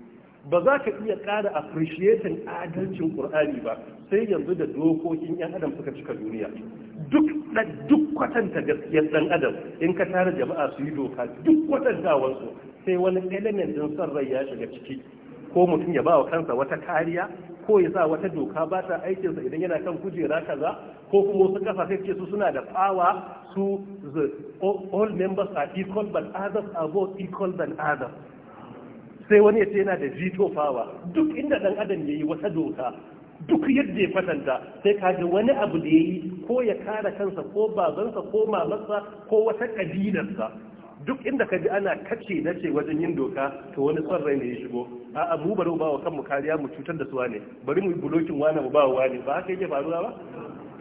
ba za ka iya ƙara appreciation adalcin ƙur'ani ba sai yanzu da dokokin 'yan adam suka cika duniya duk duk kwatanta gaskiyar ɗan adam in ka tara jama'a su yi doka duk kwatantawansu sai wani element ɗin son rai ya shiga ciki ko mutum ya ba wa kansa wata kariya ko ya sa wata doka ba ta aikinsa idan yana kan kujera kaza ko kuma wasu kafafe ce su suna da fawa su all members are equal but others are both equal than others sai wani ya ce yana da veto power duk inda dan adam yayi wata doka duk yadda ya fatanta sai ka ji wani abu da yayi ko ya kare kansa ko babansa ko mamansa ko wata kabilarsa duk inda ka ji ana kace na ce wajen yin doka to wani son rai ne ya shigo a mu bari mu ba wa kanmu kariya mu cutar da su wane bari mu yi bulokin wane mu ba wa wane ba haka yake faruwa ba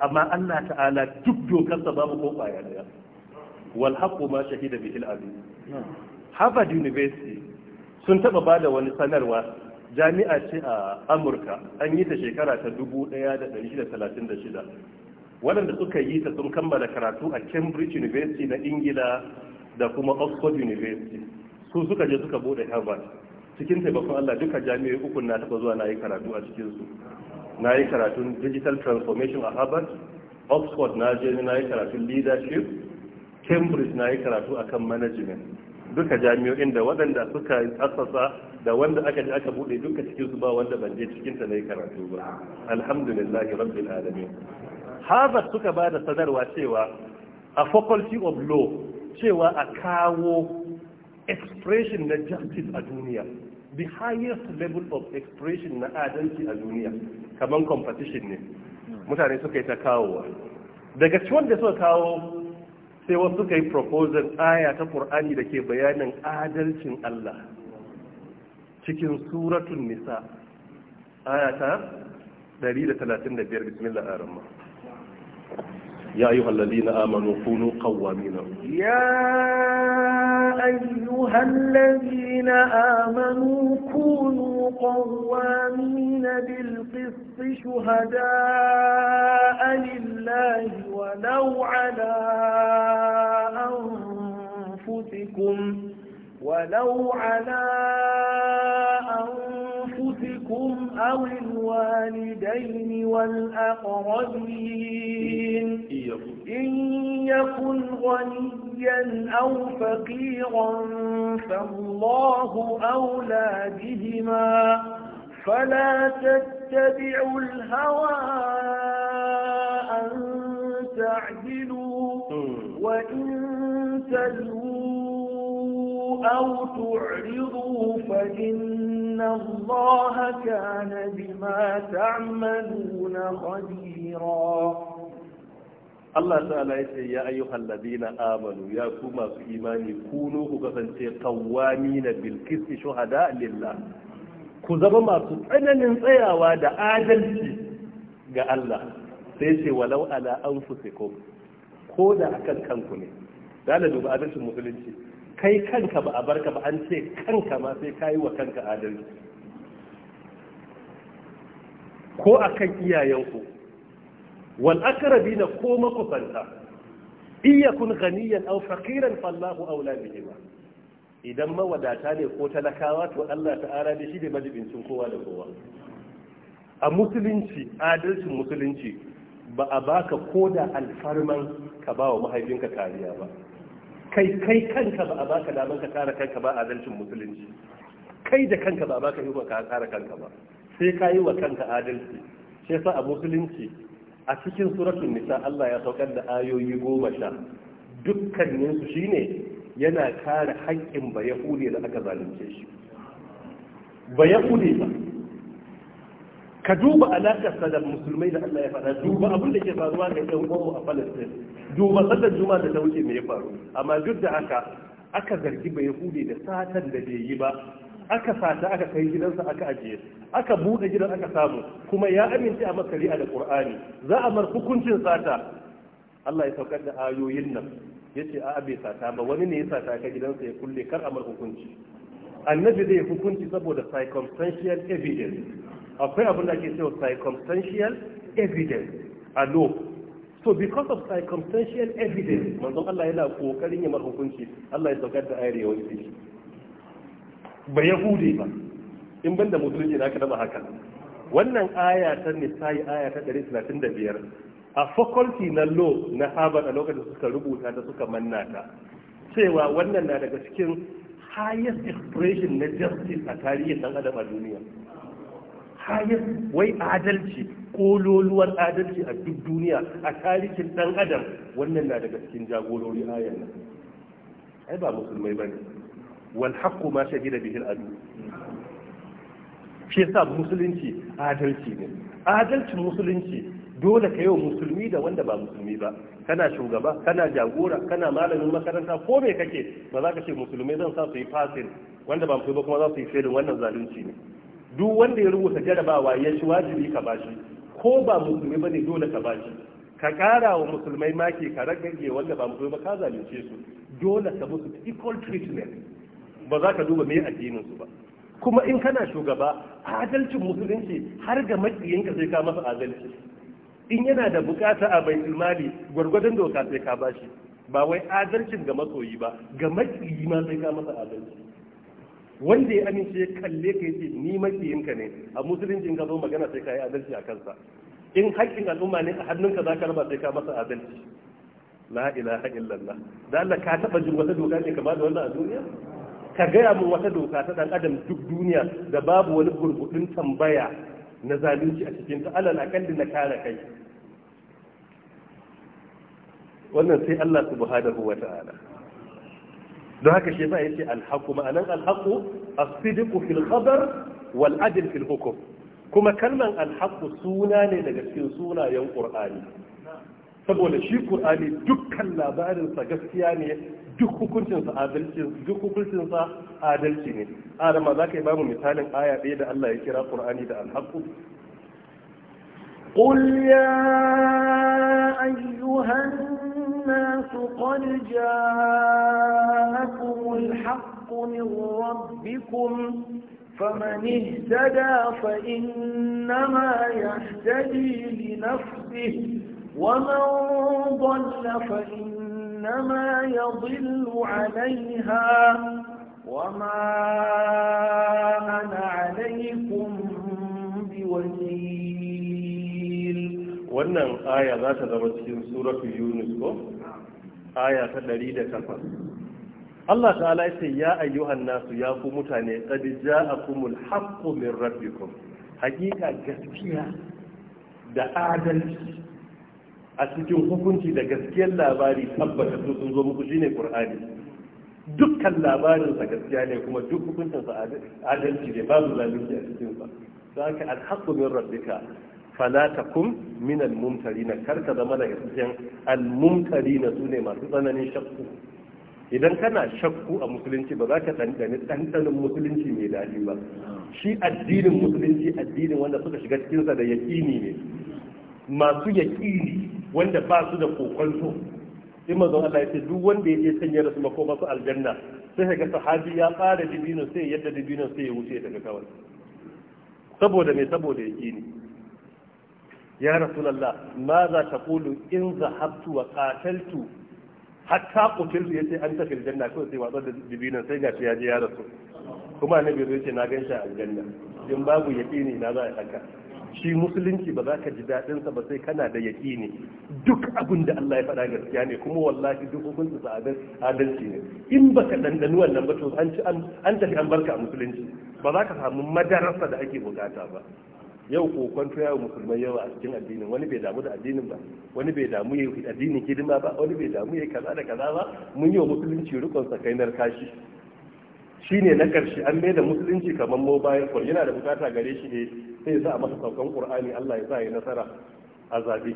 amma Allah ta'ala duk dokarsa babu ko kwaya daya wal haqqu ma shahida bihi al Harvard University sun taba ba da wani sanarwa jami'a ce a amurka an yi ta shekara ta 1636 waɗanda suka yi ta sun kammala karatu a cambridge university na ingila da kuma oxford university su suka je suka bude harvard cikin taimakon allah duka jami'ai uku na taba zuwa na yi karatu a cikinsu na yi karatun digital transformation a harvard oxford na je na yi karatun leadership cambridge na yi karatu akan management duka jami'o'in da waɗanda suka asasa da wanda aka ji aka buɗe duka cikin su ba wanda ban je cikin ta yi karatu ba alhamdulillahi rabbil alamin Harvard suka ba da sanarwa cewa a faculty of law cewa a kawo expression na justice a duniya the highest level of expression na adalci a duniya kamar competition ne mutane suka yi ta kawowa daga cikin da suka kawo sai wasu suka yi proposal aya ta Qur'ani da ke bayanin adalcin Allah cikin suratun nisa aya ta 135 bismillah ar-rahman يا أيها الذين آمنوا كونوا قوامين يا أيها الذين آمنوا كونوا قوامين بالقسط شهداء لله ولو على أنفسكم ولو على أنفسكم أو الوالدين والأقربين إن يكن غنيا أو فقيرا فالله أولى بهما فلا تتبعوا الهوى أن تعدلوا وإن تلووا أو تعرضوا فإن الله كان بما تعملون خبيرا Allah ta'ala ya ce ya ayyuhal ladina amanu ya ku masu imani kunu ku kasance na bil shuhada lillah ku zama masu tsananin tsayawa da adalci ga Allah sai ce walau ala anfusikum ko da akan kanku ne dala duba adalcin musulunci kai kanka ba a barka ba an ce kanka ma sai ka wa kanka adalci ko a kan iyayenku wal na ko makusanta iya kun ganiyan au fakiran fallahu aula bihi ba idan mawadata ne ko talakawa to Allah ara da shi da majibincin kowa da kowa a musulunci adalcin musulunci ba a baka ko da alfarman ka ba wa mahaifinka kariya ba kai kai kanka ba a baka daman ka kare kanka ba adalcin musulunci kai da kanka ba a baka yi ka kare kanka ba sai ka yi wa kanka adalci shi yasa a musulunci a cikin suratun nisa Allah ya saukar da ayoyi goma sha dukkanin su shine yana kare haƙƙin ba yahudi da aka zalunce shi ba yahudi ba ka duba alaƙarsa da musulmai da Allah ya faɗa duba abin da ke faruwa da ɗan uwanmu a Palestine duba sallar juma'a da ta wuce me ya faru amma duk da haka aka zargi bai hude da satan da bai yi ba aka sata aka kai gidansa aka ajiye aka buɗe gidan aka samu kuma ya amince a makari da Qur'ani za a mar hukuncin sata Allah ya saukar da ayoyin nan yace a'a bai sata ba wani ne ya sata ka gidansa ya kulle kar a mar hukunci annabi zai hukunci saboda circumstantial evidence akwai abin da ake cewa circumstantial evidence a lo so because of circumstantial evidence manzon Allah yana kokarin ya hukunci Allah ya saukar da ayar yawan shi ba yahudi ba in ban da musulunci da aka daba haka wannan aya ta nisa'i aya ta 135 a faculty na lo na Harvard a lokacin suka rubuta da suka manna ta cewa wannan na daga cikin highest expression na justice a tarihin dan adam a duniya kayan wai adalci kololuwar adalci a duk duniya a tarihin dan adam wannan na daga cikin jagorori ayan nan ai ba musulmai ba ne wal haqqu ma shahida bihi al shi yasa musulunci adalci ne adalcin musulunci dole ka yi wa musulmi da wanda ba musulmi ba kana shugaba kana jagora kana malamin makaranta ko me kake ba za ka ce musulmai zan sa su yi fasin wanda ba musulmi ba kuma za su yi fasil wannan zalunci ne duk wanda ya rubuta jarabawa ya ci wajibi ka bashi ko ba musulmi bane dole ka bashi ka kara wa musulmai maki ka ragage wanda ba musulmi ba ka zalunce su dole ka musu equal treatment ba za ka duba me addinin su ba kuma in kana shugaba adalcin musulunci har ga makiyinka sai ka masa adalci in yana da bukata a bai mali gwargwadon doka sai ka bashi ba wai adalcin ga masoyi ba ga makiyi ma sai ka masa adalci wanda ya amince ya kalle ka yace ni makiyinka ne a musulunci in ka zo magana sai ka yi adalci a kansa in haƙƙin al'umma ne a hannunka za ka raba sai ka masa adalci la ilaha illallah da Allah ka taba jin wata doka ne kamar da wannan a duniya ka gaya mu wata doka ta dan adam duk duniya da babu wani gurgudun tambaya na zalunci a cikin ta alal kalli na kare kai wannan sai Allah subhanahu wata'ala don haka shi ya yace alhaku ma'anan alhaku as-sidqu fil khabar wal adl fil kuma kalman alhaku suna ne daga cikin sunayen qur'ani saboda shi qur'ani dukkan labarin sa gaskiya ne duk hukuncin sa adalci duk hukuncin sa adalci ne adama zaka yi bamu misalin aya ɗaya da Allah ya kira qur'ani da alhaqu قل يا قد جاءكم الحق من ربكم فمن اهتدى فإنما يهتدي لنفسه ومن ضل فإنما يضل عليها وما أنا عليكم بوكيل wannan aya za ta zama cikin suratul yunus ko aya ta 108 Allah ta'ala ya ce ya ayyuhan nasu ya ku mutane qad ja'akumul haqqu min rabbikum hakika gaskiya da adalci a cikin hukunci da gaskiyar labari tabbata su sun zo muku shine qur'ani dukkan labarinsa gaskiya ne kuma duk hukuncinsa adalci ne babu zalunci a cikin sa don haka alhaqqu min rabbika fala min al-mumtarina kar ka zama daga cikin al sune masu tsananin shakku idan kana shakku a musulunci ba za ka ɗanɗani ɗanɗanin musulunci mai daɗi ba shi addinin musulunci addinin wanda suka shiga cikinsa da yaƙini ne masu yaƙini wanda ba su da kokonto in mazan Allah ya ce duk wanda ya je sanya da su mako masu aljanna sai ga sahabi ya fara dibino sai yadda dibino sai ya wuce daga kawai saboda me saboda yaƙini ya rasulallah ma za ta kulu in zahabtu wa qataltu hatta qutiltu yace an tafi janna ko sai watsar da dibinan sai ga ya je ya rasu kuma annabi zai ce na ganshi a aljanna in babu yaqini na za a haka shi musulunci ba za ka ji daɗinsa sa ba sai kana da yaqini duk abin da Allah ya faɗa gaskiya ne kuma wallahi duk su sa adalci ne in baka dandanu wannan ba to an ci an tafi an barka a musulunci ba za ka samu madarasa da ake bukata ba yau kokonto yawo musulmai yawa a cikin addinin wani bai damu da addinin ba wani bai damu ya yi addinin hidima ba wani bai damu ya yi kaza da kaza ba mun yi wa musulunci rikon sakainar kashi Shi ne na karshe an mai da musulunci kamar mobile phone yana da bukata gare shi ne sai za sa a masa saukan qur'ani Allah ya sa ya nasara a zabe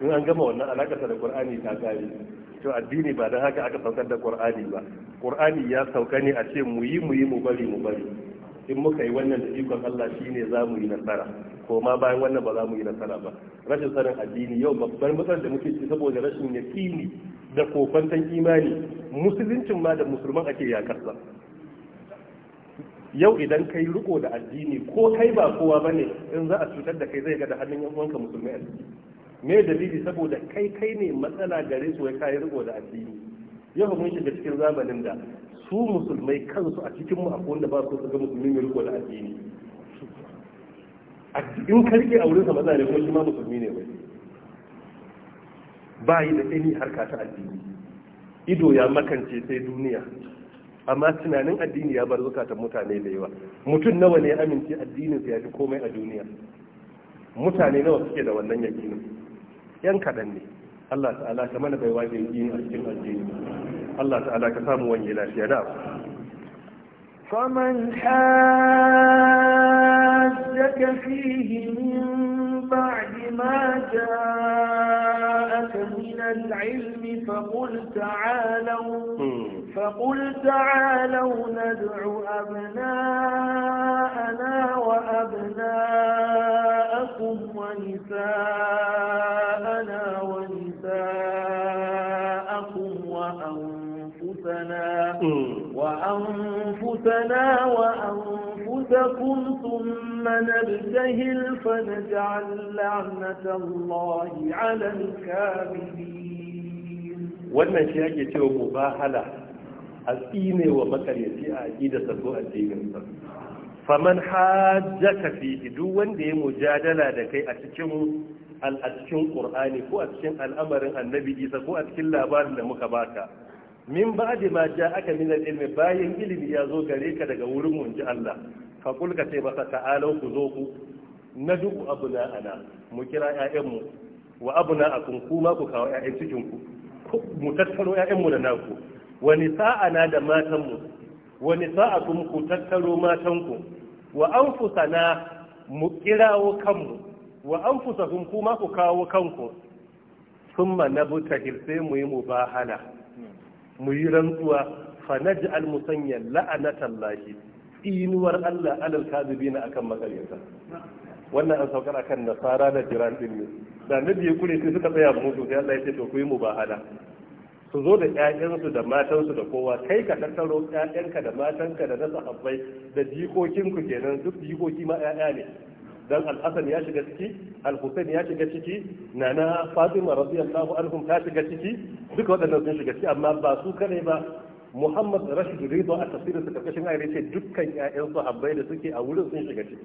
in an gama wannan alakarsa da qur'ani ta gare to addini ba dan haka aka saukar da qur'ani ba qur'ani ya sauka ne a ce mu yi mu yi mu bari mu bari in muka yi wannan da ikon Allah ne za mu yi nasara ko ma bayan wannan ba za mu yi nasara ba rashin sanin addini yau babbar matsalar da muke ci saboda rashin yakini da kofantan imani musuluncin ma da musulman ake yakarsa yau idan kai riko da addini ko kai ba kowa ba ne in za a cutar da kai zai ga da hannun yan uwanka musulmai a ciki me dalili saboda kai kai ne matsala gare su ya kai riko da addini yau mun shiga cikin zamanin da su musulmai kansu a cikin mu akwai wanda ba su ga musulmi mai riko da addini in karki a wurin sa maza ne kuma shi ma musulmi ne bai ba yi da ɗani harka ta addini ido ya makance sai duniya amma tunanin addini ya bar zukatan mutane da yawa mutum nawa ne amince addinin ya fi komai a duniya mutane nawa suke da wannan yakinin yan kaɗan ne Allah ta'ala ka mana bai wajen yi a cikin aljini Allah ta'ala ka samu wani lafiya da فمن حاجك فيه من بعد ما جاءك من العلم فقل تعالوا hmm. فقل تعالوا ندع أبناءنا وأبناءكم ونساءنا أنفسنا وأنفسكم ثم نبتهل فنجعل لعنة الله على الكاذبين wannan shi ake cewa mubahala a tsine wa makaryaci a aqidarsa ko addininsa faman hajjaka fihi duk wanda ya yi mujadala da kai a cikin al a ko a cikin al'amarin annabi isa ko a cikin labarin da muka baka min da ma aka min ilmi bayan ilimi ya zo gare ka daga wurin munji Allah fa kul ka ba masa ta'alau ku zo ku na duk abuna ana mu kira mu wa abuna akun ma ku kawo ƴaƴan cikin ku mu tattaro mu da naku wa nisa'ana da matanmu wa nisa'akum ku tattaro matanku wa anfusana mu kirawo kanmu wa anfusakum ma ku kawo kanku summa nabtahil sai mu yi mubahala mu yi rantsuwa fa naj'al musanya la'anatallahi inuwar Allah alal kadibina akan makaryata wannan an saukar akan nasara da jiran din ne da nabi ya kure sai suka tsaya mutu sai Allah ya ce to ku yi mubahala su zo da ƴaƴansu da matansu da kowa kai ka tattaro ƴaƴanka da matanka da na sahabbai da jikokinku kenan duk jikoki ma ƴaƴa ne dan al-hasan ya shiga ciki al-husain ya shiga ciki nana fatima radiyallahu anhum ta shiga ciki duka waɗannan sun shiga ciki amma ba su kare ba muhammad rashid rido a tafsirin sa karkashin ayar ce dukkan ƴaƴan sahabbai da suke a wurin sun shiga ciki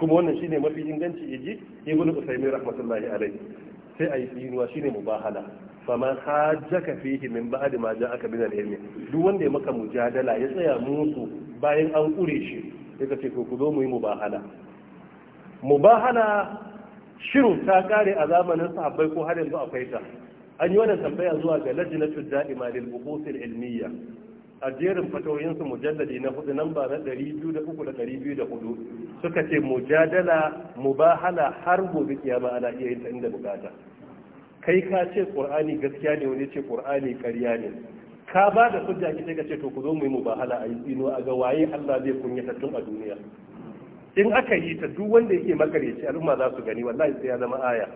kuma wannan shine mafi inganci yaji ibnu usaymin rahmatullahi alayhi sai ayi tsinuwa shine mubahala faman hajjaka fihi min ba'di ma ja'aka min al-ilmi duk wanda ya maka mujadala ya tsaya musu bayan an kure shi sai ka ce ko ku zo mu yi mubahala mubahala shiru ta kare a zamanin sahabbai ko har yanzu akwai ta an yi wannan tambaya zuwa ga na da'ima lil buhuth al ilmiya a jerin fatawoyin su mujalladi na hudu namba na 203 da suka ce mujadala mubahala har gobe kiyama ana iya yin ta inda bukata kai ka ce qur'ani gaskiya ne wani ce qur'ani ƙarya ne ka ba da hujja ki sai ka ce to ku zo mu yi mubahala a yi tsino a ga waye Allah zai kunyata tun a duniya in aka yi ta duk wanda yake makareci al'umma za su gani wallahi sai ya zama aya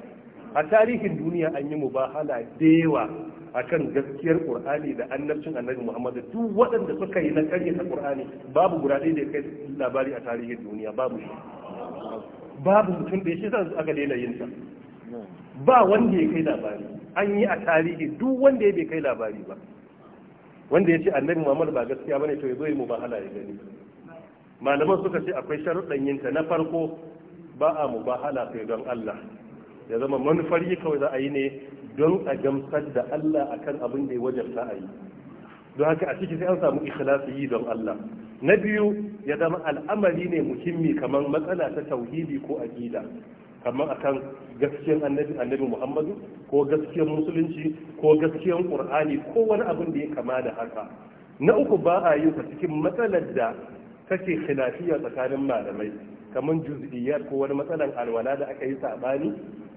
a tarihin duniya an yi mubahala da yawa akan gaskiyar qur'ani da annabcin annabi muhammad duk waɗanda suka yi na ta qur'ani babu guda ɗaya da kai labari a tarihin duniya babu shi babu mutum da ya shi san aka daina yin ta ba wanda ya kai labari an yi a tarihi duk wanda ya bai kai labari ba wanda ya ce annabi muhammad ba gaskiya bane to ya zo yi mubahala ya gani malaman suka ce akwai sharuɗan yinta na farko ba a mu mubahala sai don Allah ya zama manufar yi kawai za a yi ne don a gamsar da Allah akan abin da ya wajarta a yi don haka a ciki sai an samu ikhlasi yi don Allah na biyu ya zama al'amari ne muhimmi kamar matsala ta tauhidi ko aqida kamar akan gaskiyar annabi annabi Muhammadu ko gaskiyar musulunci ko gaskiyar Qur'ani ko wani abin da ya kama da haka na uku ba a yi cikin matsalar da take khilafiya tsakanin malamai kamar juz'iyyar ko wani matsalan alwala da aka yi sabani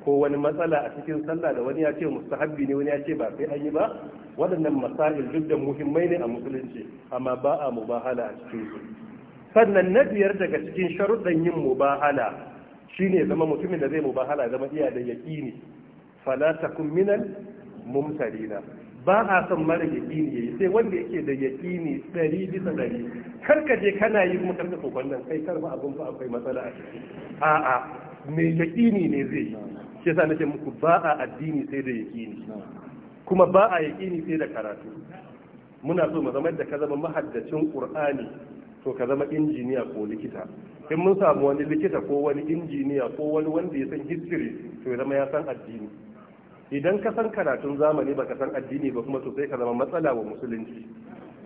ko wani matsala a cikin sallah da wani ya ce mustahabbi ne wani ya ce ba sai an yi ba waɗannan masail duk da muhimmai ne a musulunci amma ba a mubahala a cikin su sannan na biyar daga cikin sharuɗan yin mubahala shine zama mutumin da zai mubahala zama iya da yaƙini fala takun minal mumtarina ba a son mara yaƙini yi, sai wanda yake da yaƙini ɗari bisa ɗari karka je kana yi kuma karka kokon nan kai kar ba abun akwai matsala a ciki a'a mai yaƙini ne zai yi shi yasa nake muku ba a addini sai da yaƙini kuma ba a yaƙini sai da karatu muna so mu zama da ka zama mahaddacin qur'ani to ka zama injiniya ko likita in mun samu wani likita ko wani injiniya ko wani wanda ya san history to ya zama ya san addini idan ka san karatun zamani baka san addini ba kuma sosai ka zama matsala wa musulunci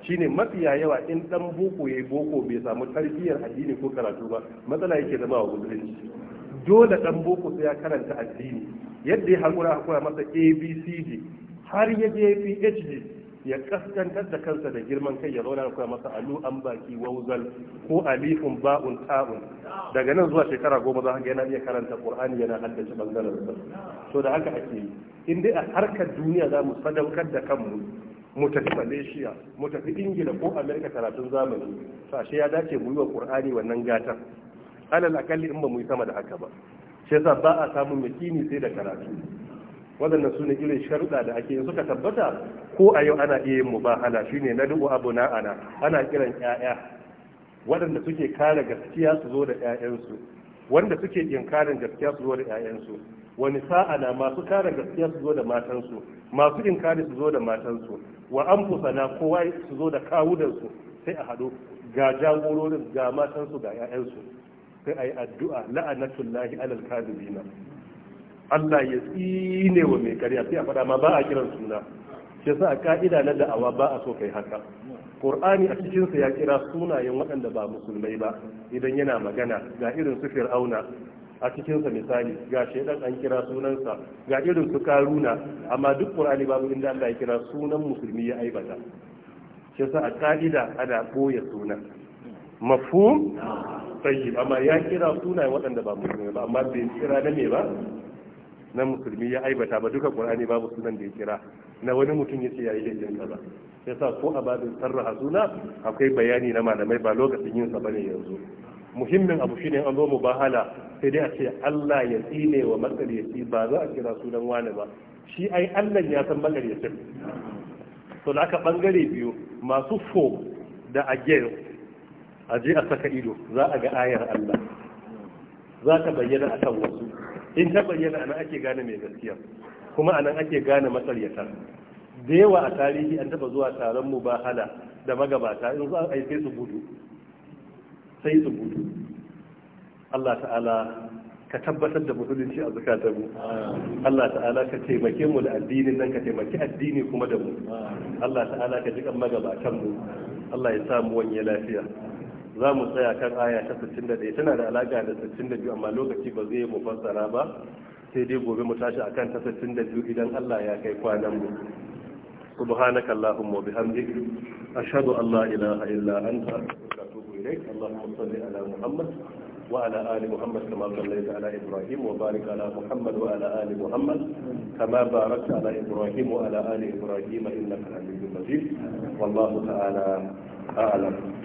shine mafiya yawa in dan boko yayi boko bai samu tarbiyyar addini ko karatu ba matsala yake zama wa musulunci dole dan boko sai ya karanta addini yadda ya hakura hakura masa abcd har ya je phd ya kaskantar da kansa da girman kai ya zauna da kuma masa alu an baki wauzal ko alifun ba'un ta'un daga nan zuwa shekara goma za ga yana iya karanta qur'ani yana haddace bangaren sa to da haka ake yi in dai a harkar duniya za mu sadaukar da kanmu mu tafi malaysia mu tafi ingila ko america karatun zamani to ashe ya dace mu yi wa qur'ani wannan gatan alal akalli in ba mu yi sama da haka ba shi yasa ba a samun yakini sai da karatu waɗannan su ne irin sharuɗa da ake suka tabbata ko a yau ana iya yin mubahala shine na duk abu na ana ana kiran ƴaƴa waɗanda suke kare gaskiya su zo da ƴaƴansu wanda suke karin gaskiya su zo da ƴaƴansu wani sa'a na masu kare gaskiya su zo da matansu masu kare su zo da matansu wa anfusana kowa su zo da kawudansu sai a haɗu ga jagororin ga matansu ga ƴaƴansu sai ayi addu'a la'anatullahi alal kadibina Allah ya tsine wa mai karya sai a faɗa ma ba a kiran suna shi yasa a ka'ida na da'awa ba a so kai haka Qur'ani a cikin sa ya kira sunayen waɗanda ba musulmai ba idan yana magana ga irin su Fir'auna a cikin sa misali ga shaidan an kira sunansa ga irin su Karuna amma duk Qur'ani babu inda Allah ya kira sunan musulmi ya aibata shi yasa a ka'ida ana boye sunan mafhum tayyib amma ya kira sunayen waɗanda ba musulmai ba amma bai kira na me ba na musulmi ya aibata ba duka qur'ani babu sunan da ya kira na wani mutum ya yace yayi ba ya yasa ko a babin sarraha suna akwai bayani na malamai ba lokacin yin sa bane yanzu muhimmin abu shine an zo mu bahala sai dai a ce Allah ya tsine wa makaryaci ba za a kira sunan wani ba shi ai Allah ya san makaryacin to da aka bangare biyu masu fo da again a je a saka ido za a ga ayar Allah za ta bayyana kan wasu in ta bayyana nan ake gane mai gaskiya kuma anan ake gane matsaryata da yawa a tarihi an taba zuwa taron mu hala da magabata in zuwa a yi sai su gudu sai su gudu Allah ta'ala ka tabbatar da musulunci a mu Allah ta'ala ka taimake mu da addinin nan ka taimaki addini kuma da mu Allah ta'ala ka jikan magabatanmu Allah ya samu wani lafiya za mu tsaya kan aya ta 61 tana da alaƙa da 62 amma lokaci ba zai mu fassara ba sai dai gobe mu tashi akan ta 62 idan Allah ya kai kwanan mu subhanaka allahumma bihamdik ashhadu an la ilaha illa anta astaghfiruka wa atubu allahumma salli ala muhammad وعلى آل ala كما صليت على إبراهيم وبارك على ala وعلى آل محمد كما باركت على إبراهيم وعلى آل إبراهيم إنك حميد مجيد والله تعالى alam.